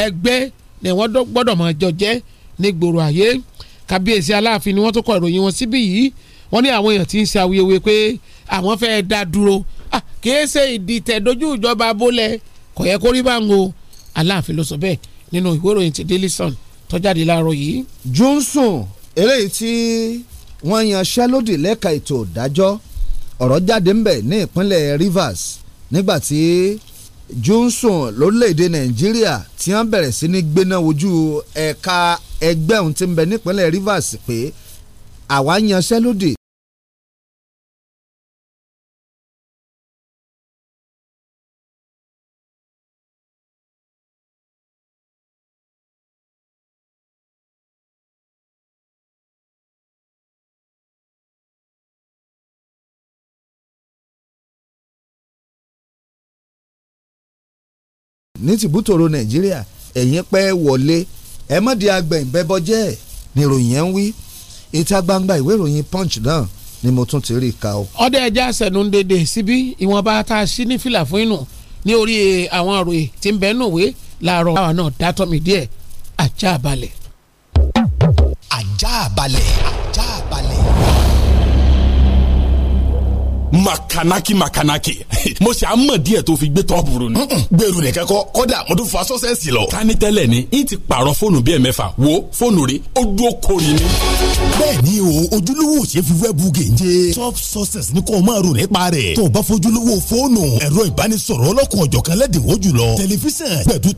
ẹgbẹ́ ni wọ́n gbọ́dọ̀ mọ̀ jọ jẹ́ ní gbòòrò ayé kábíyèsí aláàfin ni wọ́n tó kọ ìròyìn wọn síbí yìí wọ́n ní àwọn èèyàn ti ń ṣe awuyewuye pé àwọn fẹ́ dá dúró ah, kì í ṣe ìdìtẹ̀ dojú ìjọba abólẹ̀ kò yẹ kó rí báwọn o aláàfin ló sọ bẹ́ẹ̀ nínú ìwé ìròyìn ti Daily Sun tó jáde yìí. Johnson eléyìí tí wọ́n yanṣẹ́ lódì lẹ́ka ètò ìdájọ́ ọ̀rọ̀ jáde ń bẹ̀ ní ìpínlẹ̀ Rivers nígbàtí Johnson lórílẹ̀‐èdè Nàìjíríà tí wọ́n bẹ̀rẹ̀ sí ní gbéná wojú ẹ̀ka ẹgbẹ́ òun ti ń bẹ nípínlẹ̀ Rivers pé àwa yanṣẹ́ lódì ní tìbútòrò nàìjíríà ẹ̀yin pẹ́ wọlé ẹ mọ̀ di agbẹ̀yìnbẹ́bọ́jẹ́ ni ìròyìn yẹn ń wí ìta gbangba ìwé ìròyìn punch náà ni mo tún ti rí i ka o. ọdẹ ẹja sẹnu ń dédé síbí ìwọ̀nba tá a sí ní fìlà fún inú ní orí àwọn òròyìn tí ń bẹ nù wé láàárọ̀ àwọn náà dátọ́ mi díẹ̀ ajá balẹ̀. ajá balẹ̀. makanaki makanaki mo ṣe àmọ̀ díẹ̀ tó fi gbé tọ́pù rò ni. gbèrú nìkan kọ kọ́dà mo tún fa sọ́sẹ̀sì lọ. ká ní tẹ́lẹ̀ ni n ti pààrọ̀ fóònù bíi ẹ̀mẹ́fà wo fóònù rí ó dúró kori ni. bẹ́ẹ̀ni o ojúlówó ṣe fi wẹ́ẹ̀bù gèje top success ní kò máa rò nípa rẹ̀ tó o bá fojúlówó fóònù ẹ̀rọ ìbánisọ̀rọ̀ ọlọ́kùn ọ̀jọ̀kan lẹ́dínwó jùlọ tẹlifíṣàn pẹ̀tùtọ́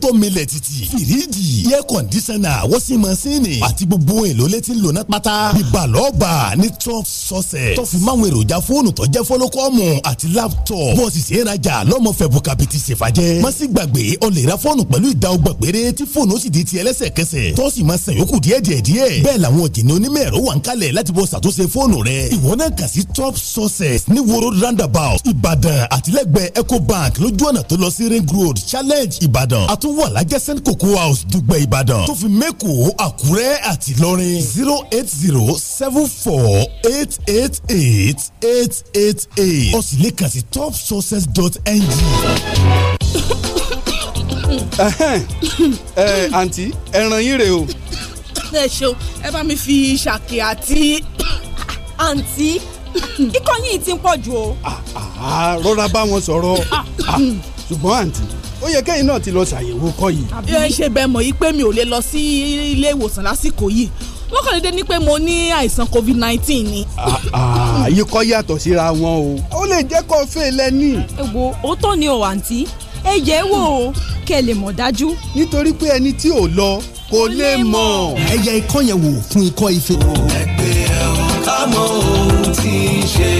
top success tó fi máwọn èròjà fóònù tó jẹ́ fọ́ọ̀mù àti laptop bó o sì ṣe é rajà lọ́mọ fẹ́ bùkàbìtì ṣèfàjẹ́ má sì gbàgbé ọ lè ra fọ́ọ̀nù pẹ̀lú ìdá ọgbà péré tí fóònù ó sì di tiẹ̀ lẹ́sẹ̀kẹsẹ̀ tó sì máa san yòókù díẹ̀díẹ̀ díẹ̀ bẹ́ẹ̀ làwọn òjìní onímọ̀ ẹ̀rọ wà ń kalẹ̀ láti bọ́ ṣàtúnṣe fóònù rẹ̀ ìwọ náà kà sí top sources ní woro roundabout ìbàdàn àtìlẹ́gbẹ̀ẹ́ ecobank lójú ọ̀nà tó lọ sí ring road challenge ìbàdàn àtúwọ̀ alájẹsẹ́n cocoa house dùgbẹ̀ ìbàdàn tó fi mẹ́kọ̀ àkúrẹ́ àti lọ́rin zero eight zero seven four eight eight eight eight eight eight lókè o sì lè kàn sí topsources.ng àǹtí ẹran yín rèé o. ẹ ṣeun ẹ bá mi fi ṣàkè àti àǹtí ikọ́ yín ti ń pọ̀ jù o. Ah, ah, ah, rọra bá wọn sọ̀rọ̀ ṣùgbọ́n àǹtí ó yẹ kẹ́yìn náà ti lọ ṣàyẹ̀wò kọ́ yìí. ẹ ṣe bẹ́ẹ̀ mọ̀ yìí pé mi ò lè lọ sí ilé ìwòsàn lásìkò yìí wọ́n kàn dédé ní pé mo ní àìsàn covid nineteen ni. Ah, ah, yìí kọ́ yàtọ̀ síra wọn o ó lè jẹ́ kó fè lẹ́ni. ẹ wo òótọ́ ni o àǹtí ẹ yẹ̀ wò ó kẹ́ ẹ lè mọ̀ dájú. nítorí pé ẹni tí ò lọ kò lè mọ̀. ẹ yẹ̀ ikọ́ yẹn wò fún ikọ́ ife. ẹgbẹ́ ọ̀hún ká mọ ohun tí ń ṣe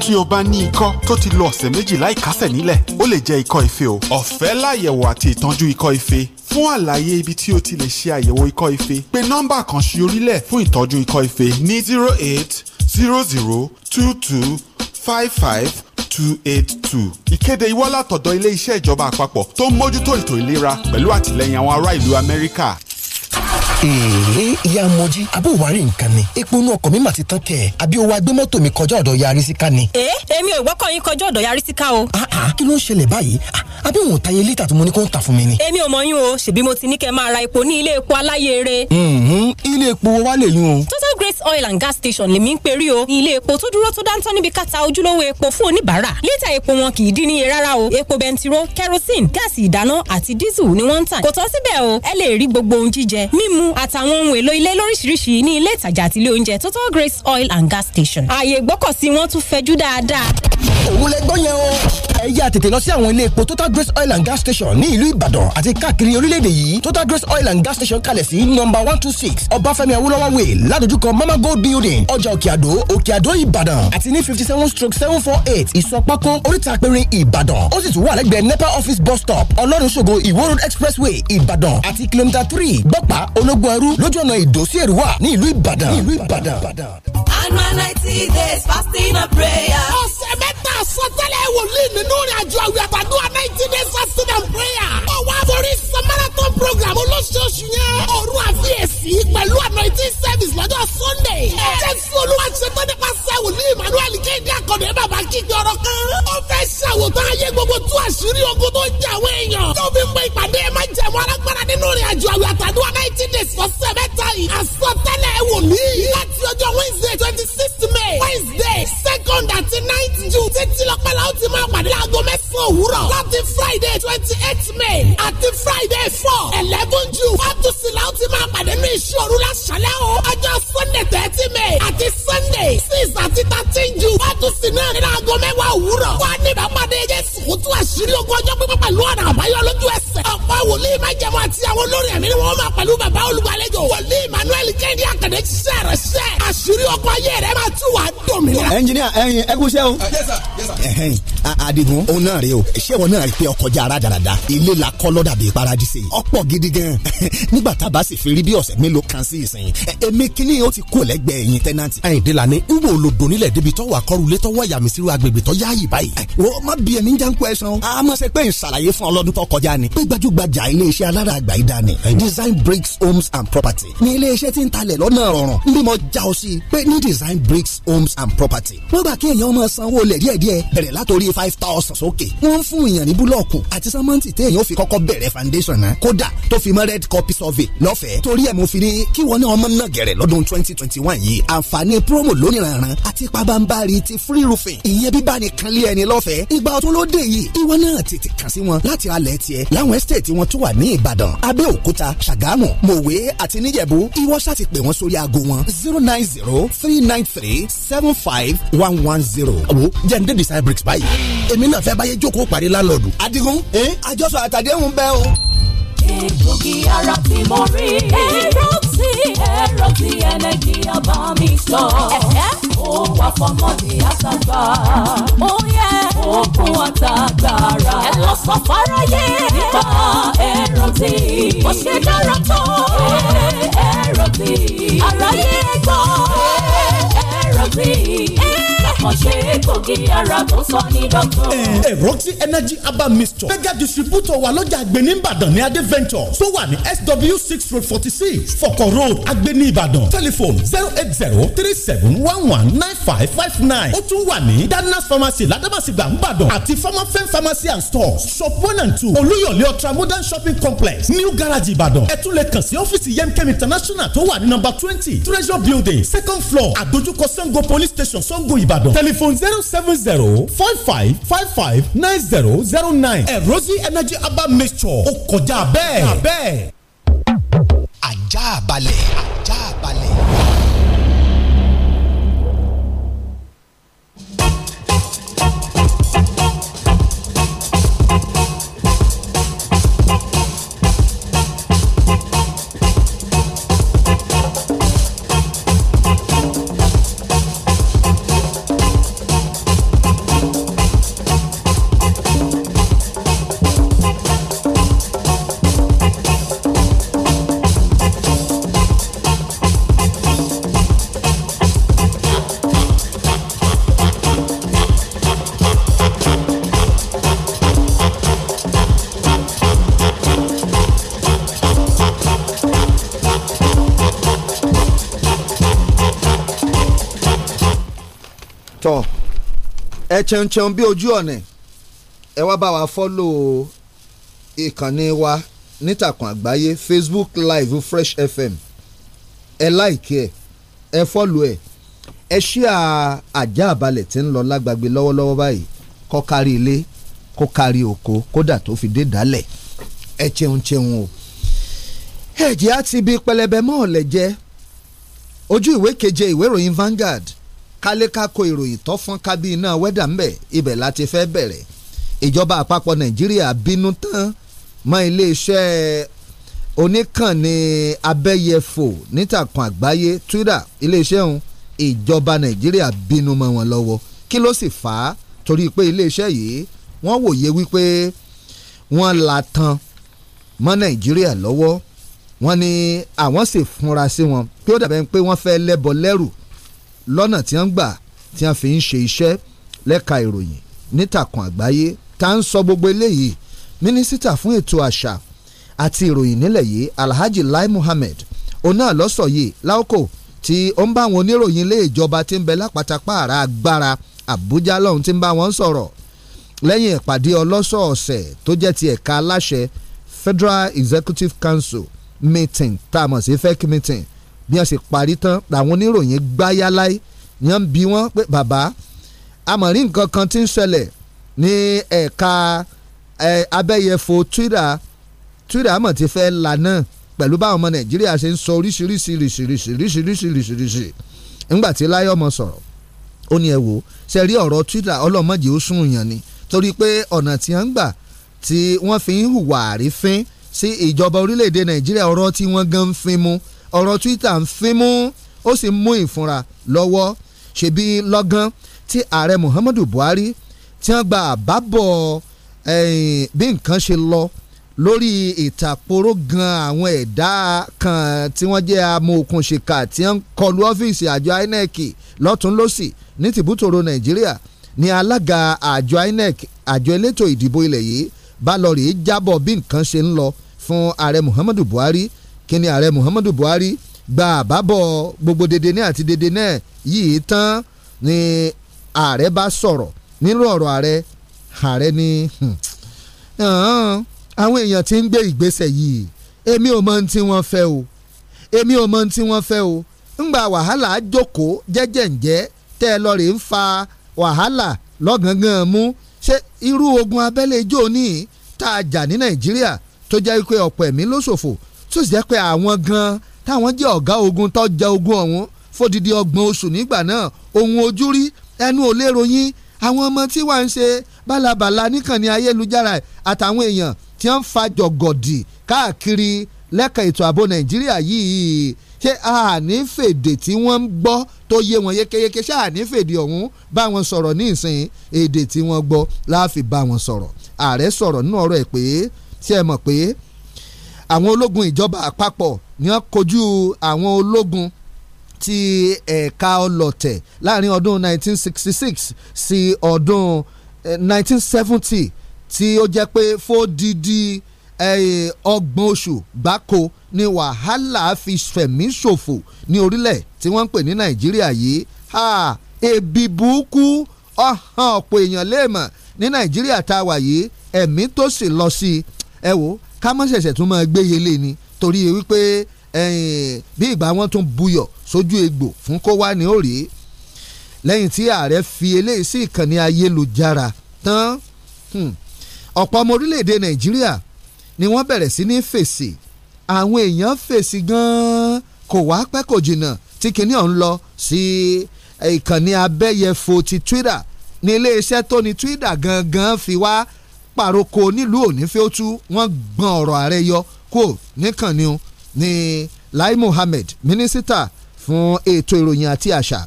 tí o bá ní ikọ́ tó ti lo ọ̀sẹ̀ méjì láìkásẹ̀ nílẹ̀ ó lè jẹ́ ikọ́ ife o ọ̀fẹ́ láyẹ̀wò àti ìtọ́jú ikọ́ ife fún àlàyé ibi tí o ti lè ṣe àyẹ̀wò ikọ́ ife pé nọ́mbà kan sí orílẹ̀ fún ìtọ́jú ikọ́ ife ní zero eight zero zero two two five five two eight two. ìkéde ìwọ́lá ilé iṣẹ́ ìjọba àpapọ̀ tó ń mójútó ètò ìlera pẹ̀lú àtìlẹ́yìn àwọn ará ìlú Amẹ́ríkà ee ìyá mọjí abó wàrí nǹkan ni epo inú ọkọ̀ mi mà ti tán kẹ̀ ẹ́ àbí o wa gbé mọ́tò mi kọjá ọ̀dọ̀ yarí síká ni. ẹ eh, èmi ò wọ́kọ̀ yín kọjá ọ̀dọ̀ yarí síká o. Ah, ah, kí ló ń ṣẹlẹ̀ báyìí ah, àbí òun ta iye lítà tí mo ní kó ń tà fún mi ni. èmi ò mọ yín o ṣèbí mo ti ní kẹ́ máa ra epo ní ilé epo aláyèrè. ilé epo wa lè yún o. total grace oil and gas station lèmi ń perí o ní ilé epo tó dúró tó dáńtọ́ níbi káta ojúlówó epo fún oníbàárà lítà epo wọn kì í kerosene gáàsì ìdáná àti dísù ni wọ́n ń tà kò tán síbẹ̀ o ẹ irun àtàwọn ohun èlò ilé lóríṣiríṣi ní ilé ìtajà àti ilé oúnjẹ Total Grace Oil and Gas Station. ààyè ìgbọ́kọ̀sí wọn tún fẹjú dáadáa òun lẹ gbọ́ yẹn o. ẹ yá tètè lọ sí àwọn ilé epo total grace oil and gas station ní ìlú ìbàdàn àti káàkiri orílẹ̀-èdè yìí total grace oil and gas station kalẹ̀ sí nọmba one two six ọbáfẹ́mi Awolowo way ládojúkọ mama gold building ọjà òkè àdó òkè àdó ìbàdàn àti ní fifty seven stroke seven four eight ìsọpákó oríta apẹ̀rẹ̀ ìbàdàn ó sì tún wà lẹ́gbẹ̀ẹ́ nepa office bus stop ọlọ́run ṣògo ìwó road expressway ìbàdàn àti kìlómítà three gbọ́pàá ológun ẹrú lójú ọ̀nà ìdó sí èrúwà ní ìlú ìbàdàn. annual ninety days fasting and prayer. ọ̀sẹ̀ mẹ́ta àsọtẹ́lẹ̀ wòlíì nínú ìrìn àjò àwìn àtàdúrà nineteen days fasting and prayer. ó wá forí sọ marathon program olóṣooṣù yẹn. ọ̀run àfiyèsí pẹ̀lú anointing service lọ́jọ́ sunday. jésù olúwa ṣetán nípasẹ̀ wòlíì emmanuel kéde akọ̀dé bàbá kíkì ọ̀rọ̀ kan. ó fẹ́ ṣàwòtán ayé gbogbo tú àṣírí ogun tó ń jà àwọn èèyàn. tó fi ń bọ ìpàdé ẹ̀ máa jẹ̀mọ́ alágbára nínú ìrìn àjò àwìn àtàdúrà nineteen days fọ́sẹ̀ mẹ́ta yìí. àsọtẹ́lẹ̀ wòlíì láti ọjọ́ wednesday twenty six may wednesday second àti ninth june méjì lọ́pẹ́lá ó ti máa pàdé aago mẹ́sàn-án òwúrọ̀ láti friday twenty eight may àti friday four eleven june fàtúnṣìlá ó ti máa pàdé ní ìṣòro lásàlẹ̀ o ọjọ́ sunday thirty may àti sunday six àti thirteen june fàtúnṣì náà nínú aago mẹ́wàá òwúrọ̀ wà níbà pàdé jésù kó tún àṣírí ogún ọjọ́ pípẹ́ pẹ̀lú ọ̀nà àbáyọ lójú ẹsẹ̀ ọ̀pọ̀ wòlíì májẹ̀mú àti àwọn olórin ẹ̀mí ni wọ́n máa pẹ̀lú bàbá olùgbàlejò wòlíì emmanuel kẹ́hìndé àkàdé ṣiṣẹ́ rẹ̀ ṣẹ́ àṣírí ọkọ̀ ayé rẹ̀ máa tún wà dòmìnira. ẹnjìníà ẹyin ẹkúṣẹ́ o. ẹ jẹ́ sà adigun òun náà rè o ṣé wọn náà rí pé ọkọ̀ já ara dáradára ilé la kọ́ lọ́dà bíi paradise ọ̀pọ̀ gidi gan nígbà tá a bá sì fi rí bí ọ̀sẹ̀ mélòó kan sí ìsìn èmi kíní ó ti kó lẹ́gbẹ̀ẹ́ yín tẹ́nanti. Àyìndé la ní n wò ló dùn nílẹ̀ débi tọ́wọ́ akọ́rùlé tọ́wọ́ yàmísírù agbègbè tọ́ yáàyè báyìí. wọ́n má bí ẹni já ń kó ẹ̀sán. a máa ṣe pé n ṣàlàyé fún ọlọ́dún tó kọjá ni. pé gbajúgbajà iléeṣẹ́ alára àgbà yìí dání. Design Bricks Homes and Property. ní iléeṣẹ́ tí ń talẹ̀ lọ́nà rọrùn. n bí mo já ọ Design Bricks Homes and Property. wọ́n gbà kí èèyàn máa sanwó díẹ̀ bẹ̀rẹ̀ látòrí five thousand sókè wọ́n ń fún èèyàn ní búlọ̀kù àti sámọ́ǹtì téèyàn ó fi kọ́kọ́ bẹ̀rẹ̀ foundation náà kódà tó fi mọ́ red copy survey lọ́fẹ̀ẹ́ torí ẹ̀ mo fi ní kí wọ́n ní ọmọ náà gẹ̀rẹ̀ lọ́dún twenty twenty one yìí àǹfààní promo lóníranran àti pabambari ti free roofing ìyẹn bíbá ni kan lé ẹni lọ́fẹ̀ẹ́ ìgbà ọ̀tún ló dé yìí ìwọ náà tètè kàn sí wọn láti alẹ̀ tiẹ̀ láwọn estate wọn tó wà ní Ìbàdàn Abẹ́òkúta Ṣàgámù Mòwe àti níjẹ̀bú ìwọ ṣáà ti pè wọ́n sórí aago wọn zero nine zero three nine three seven five one one zero. àwo jẹ́ndé design bricks báyìí èmi náà fẹ́ báyé jókòó parí lánàdù. adigun eh? àjọsọ àtàdéhùn bẹ́ẹ̀ o. egbògi ara tí mo rí ẹ̀rọ tí ẹ̀rọ tí ẹnẹ́gì ọba mi sọ ó wà fọmọdé àtàgbà ogun àtàgbàrà ẹ lọ sọ fáráyé nípa ẹ̀rọ tí ó ṣe dára tó ẹ̀rọ tí aráyé gbọ́ ẹ̀rọ tí àkànṣe ẹ eh, eh, roxy energy herbal mixture mega distributor wa lọ́jà àgbẹ̀ní ìbàdàn ní adé venture tó wà ní sw six road forty six fọkọ road àgbẹ̀ní ìbàdàn telephone zero eight zero three seven one one nine five five nine ó tún wà ní danas pharmacy ladamasigba ìbàdàn àti pharmafem pharmacy and stores shop one and two olúyọ̀lé ultra modern shopping complex new garage ìbàdàn ẹ tún lè kàn sí ọ́fíìsì yemkem international tó wà ní number twenty treasure building second floor àdójúkọ sango police station sango ìbàdàn telephone zero seven zero five five five five nine zero zero nine erosi energy herbal mixture ó kọjá bẹ́ẹ̀. àjà balẹ̀ àjà. ẹ ṣẹunṣẹun bí ojú ọ̀nà ẹ wá bá wa fọ́lò ìkànnì wa nítàkùn àgbáyé Facebook live Fresh FM ẹ láìkí ẹ ẹ fọ́lò ẹ ẹ ṣí àjà àbálẹ̀ tí ń lọ lágbàgbé lọ́wọ́lọ́wọ́ báyìí kó kárí ilé kó kárí oko kódà tó fi dé dálẹ̀ ẹ ṣeun ṣeun o ẹ̀jẹ̀ á ti bi pẹlẹbẹ mọ́ ọ̀lẹ̀ jẹ́ ojú ìwé keje ìwé ìròyìn Vanguard kálékáko ìròyìn tó fọ́n ká bí iná wẹ́dà ńbẹ̀ ibẹ̀ láti fẹ́ bẹ̀rẹ̀ ìjọba àpapọ̀ nàìjíríà bínú tán mọ́ iléeṣẹ́ oníkànnì abẹ́yẹfò nítàkùn àgbáyé twitter iléeṣẹ́ ọ̀hún ìjọba nàìjíríà bínú mọ́ wọn lọ́wọ́ kí ló sì fà á torí pé iléeṣẹ́ yìí wọ́n wòye wípé wọ́n la tan mọ́ nàìjíríà lọ́wọ́ wọ́n ní àwọn sì fúnra sí wọn kí ó dàbẹ̀ pé wọ́n fẹ́ lẹ́bọ lẹ́rù le lọ́nà tí wọ́n gbà tí wọ́n fi ń ṣe iṣẹ́ lẹ́ka ìròyìn nítàkùn àgbáyé tá ń sọ gbogbo eléyìí mínísítà fún ètò àṣà àti ìròyìn nílẹ̀ yìí Alhaji Lai Muhammed òun náà lọ́sọ̀ yìí láòkò tí ó ń bá àwọn oníròyìn ilé ìjọba tí ń bẹ lápátápá àrà agbára Àbújá lọ́hún tí ń bá wọn sọ̀rọ̀ lẹ́yìn ìpàdé ọlọ́sọ̀ọ̀sẹ̀ tó jẹ́ ti ẹ̀ka aláṣẹ Federal Executive Council meeting tá a mọ̀ sí FEC meeting bí wọ́n ṣe parí tán làwọn oníròyìn gbáyáláì yẹn ń bi wọ́n pé bàbá amọ̀rí nǹkan kan ti ń ṣẹlẹ̀ ní ẹ̀ka abẹ́yẹfo Twitter Twitter àmọ̀ ti fẹ́ là náà pẹ̀lú báwọn ọmọ Nàìjíríà ṣe ń sọ oríṣiríṣi rìṣiríṣiríṣiríṣiríṣi ńgbà tí láyọ̀ mọ̀ sọ̀rọ̀ ó ní ẹ wò ṣe rí ọ̀rọ̀ Twitter ọlọ́mọdé ó sùn yàn ni torí pé ọ̀nà tí wọ́n ń gbà tí wọ́n fi ń hùwà àrífín sí ìjọba orílẹ̀-èdè Nàìjíríà ọ̀rọ̀ tí wọ́n gan ń fin mu ọ̀rọ̀ Twitter ń fín mú ó sì mú ìfúnra lọ́wọ́ ṣebí lọ́gán tí ààrẹ Muhammadu Buhari tí wọ́n gba àbábọ̀ bí nǹkan ṣe lọ lórí ìtàporó gan àwọn ẹ̀dá kan tí wọ́n jẹ́ amòòkùnṣìkà tí wọ́n kọlu ọ́fíìsì àjọ INEC lọ́tún lọ́sì ní tìbútòrò Nàìjíríà ni alága àjọ INEC àjọ elétò ìdìbò ilẹ̀ yìí bá lọ rèé jábọ̀ bí nǹkan ṣe ń lọ fún ààrẹ Muhammadu Buhari kí ni ààrẹ Muhammadu Buhari gba àbábọ̀ gbogbo dèdè ní àti dèdè náà yìí tán ni ààrẹ bá sọ̀rọ̀ nínú ọ̀rọ̀ ààrẹ ààrẹ ni hmm. àwọn èèyàn ti ń gbé ìgbésẹ̀ yìí èmi ò mọ ohun tí wọ́n fẹ́ o èmi ò mọ ohun tí wọ́n fẹ́ o ńgbà wàhálà jókòó jẹ́jẹ̀ǹjẹ́ tẹ́ ẹ lọ rè ń fa wàhálà lọ́gàngàn mú ṣé irú ogun abẹ́lé ijó ní tá a jà ní Nàìjíríà tó jẹ́ pé ọ̀pọ̀ ẹ̀mí ló ṣòfò tó sì jẹ́ pé àwọn gan táwọn jẹ́ ọ̀gá ogun tó jẹ ogun ọ̀hún fódìdí ọgbọ̀n oṣù nígbà náà ohun ojú rí ẹnu ò lérò yín àwọn ọmọ tí wàá ń ṣe bálabàla níkànnì ayélujára àtàwọn èèyàn tí wọ́n ń fa jọ̀gọ̀dì káàkiri lẹ́ka ètò ààbò nàìjíríà yìí ṣé ànífèdè tí wọ́n ń gbọ́ tó yé wọn yékéyéké ṣé ànífèdè ọ̀hún bá wọn sọ̀rọ̀ ní ìsìn èdè tí wọ́n gbọ́ láàfin bá wọn sọ̀rọ̀ ààrẹ sọ̀rọ̀ nínú ọ̀rọ̀ ẹ̀ pé ṣé ẹ mọ̀ pé àwọn ológun ìjọba àpapọ̀ ni wọ́n kojú àwọn ológun ti ẹ̀ka ọlọ̀tẹ̀ láàrin ọdún 1966 sí ọdún 1970 eh, tí ó jẹ́ pé fódìdí eh, ọgbọ̀n oṣù gbáko ni wàhálà fi fẹ̀mí ṣòfò ní orílẹ̀ tí wọ́n ń pè ní nàìjíríà yìí ebi burúkú ọ̀hán ọ̀pọ̀ èèyàn léèmọ̀ ní nàìjíríà tá a wà yìí ẹ̀mí tó sì lọ sí ẹ wo ká mọ́ ṣẹ̀ṣẹ̀ tún máa gbé yẹlé ni torí wípé eh, bí ìgbà wọn tún buyọ̀ sójú egbò fún kó wá ní òrè lẹ́yìn tí ààrẹ fi eléyìí sí ìkànnì ayélujára tán hmm, ọ̀pọ̀ ọmọ orílẹ̀-èdè nàìjíríà ni wọ́n bẹ̀rẹ̀ sí ní fèsì àwọn èèyàn fèsì gan-an kò wá pẹ́ kò jìnnà tí kinní ọ̀hún lọ sí eh, ìkànnì abẹ́yẹfò ti Twitter ní iléeṣẹ́ tó ní Twitter gangan fi wá pàrokò nílùú ònífẹ́ ó tú wọ́n gbọ́n ọ̀rọ̀ ààrẹ yọ kó níkànnì ní Lai Mohammed mínísítà fún ètò ìròyìn àti àṣà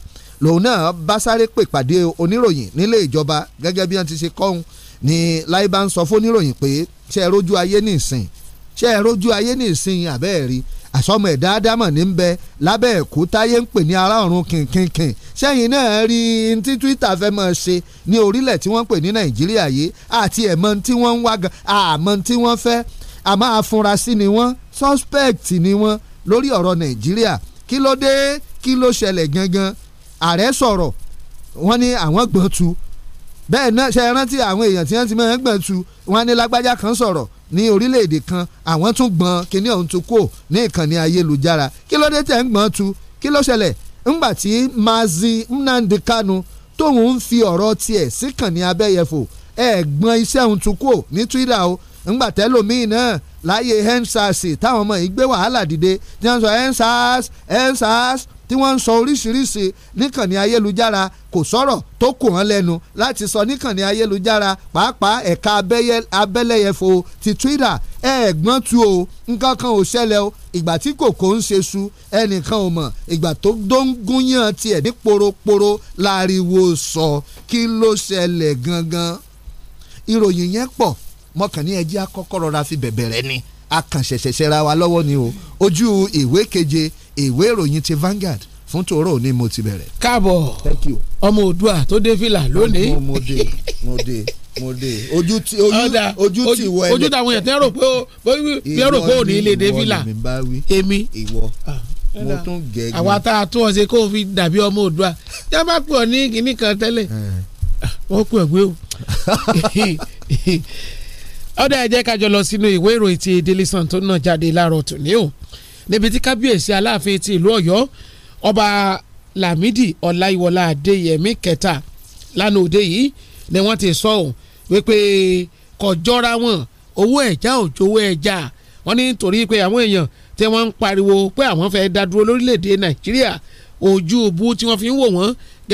lòun náà bá sáré pè pàdé oníròyìn nílé ìjọba gẹ́gẹ́ bí wọ́n ti ṣe kọ́hún ni Lai bá ń sọ fóníròyìn pé ṣe é rójú ayé nìsín ṣe é rójú ayé nìsín àbẹ́ẹ̀rí àsọmọ ẹ̀dá ádámọ̀ ní ń bẹ lábẹ́ ẹ̀kú táyé ń pè ní ará ọ̀run kìnkìnkìn sẹ́yìn náà rí n tí Twitter fẹ́ mọ̀ ṣe ní orílẹ̀ tí wọ́n ń pè ní Nàìjíríà yìí àti ẹ̀mọ́ tí wọ́n ń wá gan àmọ́ tí wọ́n fẹ́ àmọ́ afurasí ni wọ́n suspect ni wọ́n lórí ọ̀rọ̀ Nàìjíríà kí ló dé kí ló ṣẹlẹ̀ gangan ààrẹ sọ̀rọ̀ wọ́n ní àwọn gbọ́n tu bẹ́ẹ̀ náà ṣe rántí àwọn èèyàn tí wọ́n ti máa ń gbọ́n tu wọ́n ní lágbájá kan sọ̀rọ̀ ní orílẹ̀-èdè kan àwọn tún gbọ́n kíní ọ̀hún tún kò ní ìkànnì ayélujára kí ló dé tẹ̀ ń gbọ́n tu kí ló ṣẹlẹ̀ ńgbà tí Mazi Nnamdi Kanu tóun ń fi ọ̀rọ̀ tiẹ̀ síkànnì abẹ́yẹfò ẹ̀ gbọ́n iṣẹ́ ọ̀hún tún kò ní Twitter o ńgbà tẹ́lòmíì náà láàyè endsars táwọn ọmọ yìí gbé wàhálà dìde tí wọ́n sọ endsars endsars tí wọ́n ń sọ oríṣiríṣi níkànnì ayélujára kò sọ̀rọ̀ tó kò wọ́n lẹ́nu láti sọ níkànnì ayélujára pàápàá ẹ̀ka abẹ́lẹ́yẹfo ti Twitter ẹ̀ẹ́gbọ́n tu o nǹkan kan ò ṣẹlẹ̀ o ìgbà tí kòkó ń ṣe su ẹnìkan ò mọ̀ ìgbà tó dóńgún yàn tiẹ̀ ní poroporo láriwo sọ kí ló ṣẹlẹ̀ gangan ìròyìn yẹn pọ̀ mọ́kànní ẹjẹ́ akọ́kọ́ rọra fi bẹ̀bẹ̀ rẹ ni akànṣẹ̀ṣẹ̀ṣẹ̀ ra wa lọ́wọ́ ni o ojú ìwé keje ìwé ìròyìn ti Vanguard fún tòró ni mo ti bẹ̀rẹ̀. káàbọ̀ ọmọ òdua tó dé fìlà lónìí. mo dé mo dé mo dé ojú tí ojú tí ìwọ ẹ. ojú táwọn yẹn tẹ́ rò pé ó rò pé ò ní ilé dé fìlà èmi ah, mo tún gẹ̀ẹ́gẹ́. àwa tá a tún ọ ṣe kó o fi dàbí ọmọ òdua yá bá pè ọ ní kinní kan tẹ́lẹ̀ ah, wọ́n pè ọ gbé o ọ̀dà ẹ jẹ́ lọ sínú ìwé ìròyìn ti Daily Sun tó náà jáde láàárọ̀ tòní o níbi tí kábíyèsí aláàfin ti ìlú ọ̀yọ́ ọba lámìdí ọláyíwọlá adéyẹmí kẹta lánàá òde yìí ni wọ́n ti sọ ọ́ wípé kọjọ́ra wọn owó ẹ̀já òjò owó ẹ̀já wọ́n ní nítorí pé àwọn èèyàn tí wọ́n ń pariwo pé àwọn fẹ́ dá dúró lórílẹ̀ nàìjíríà ojú bú tí wọ́n fi ń wò wọ́n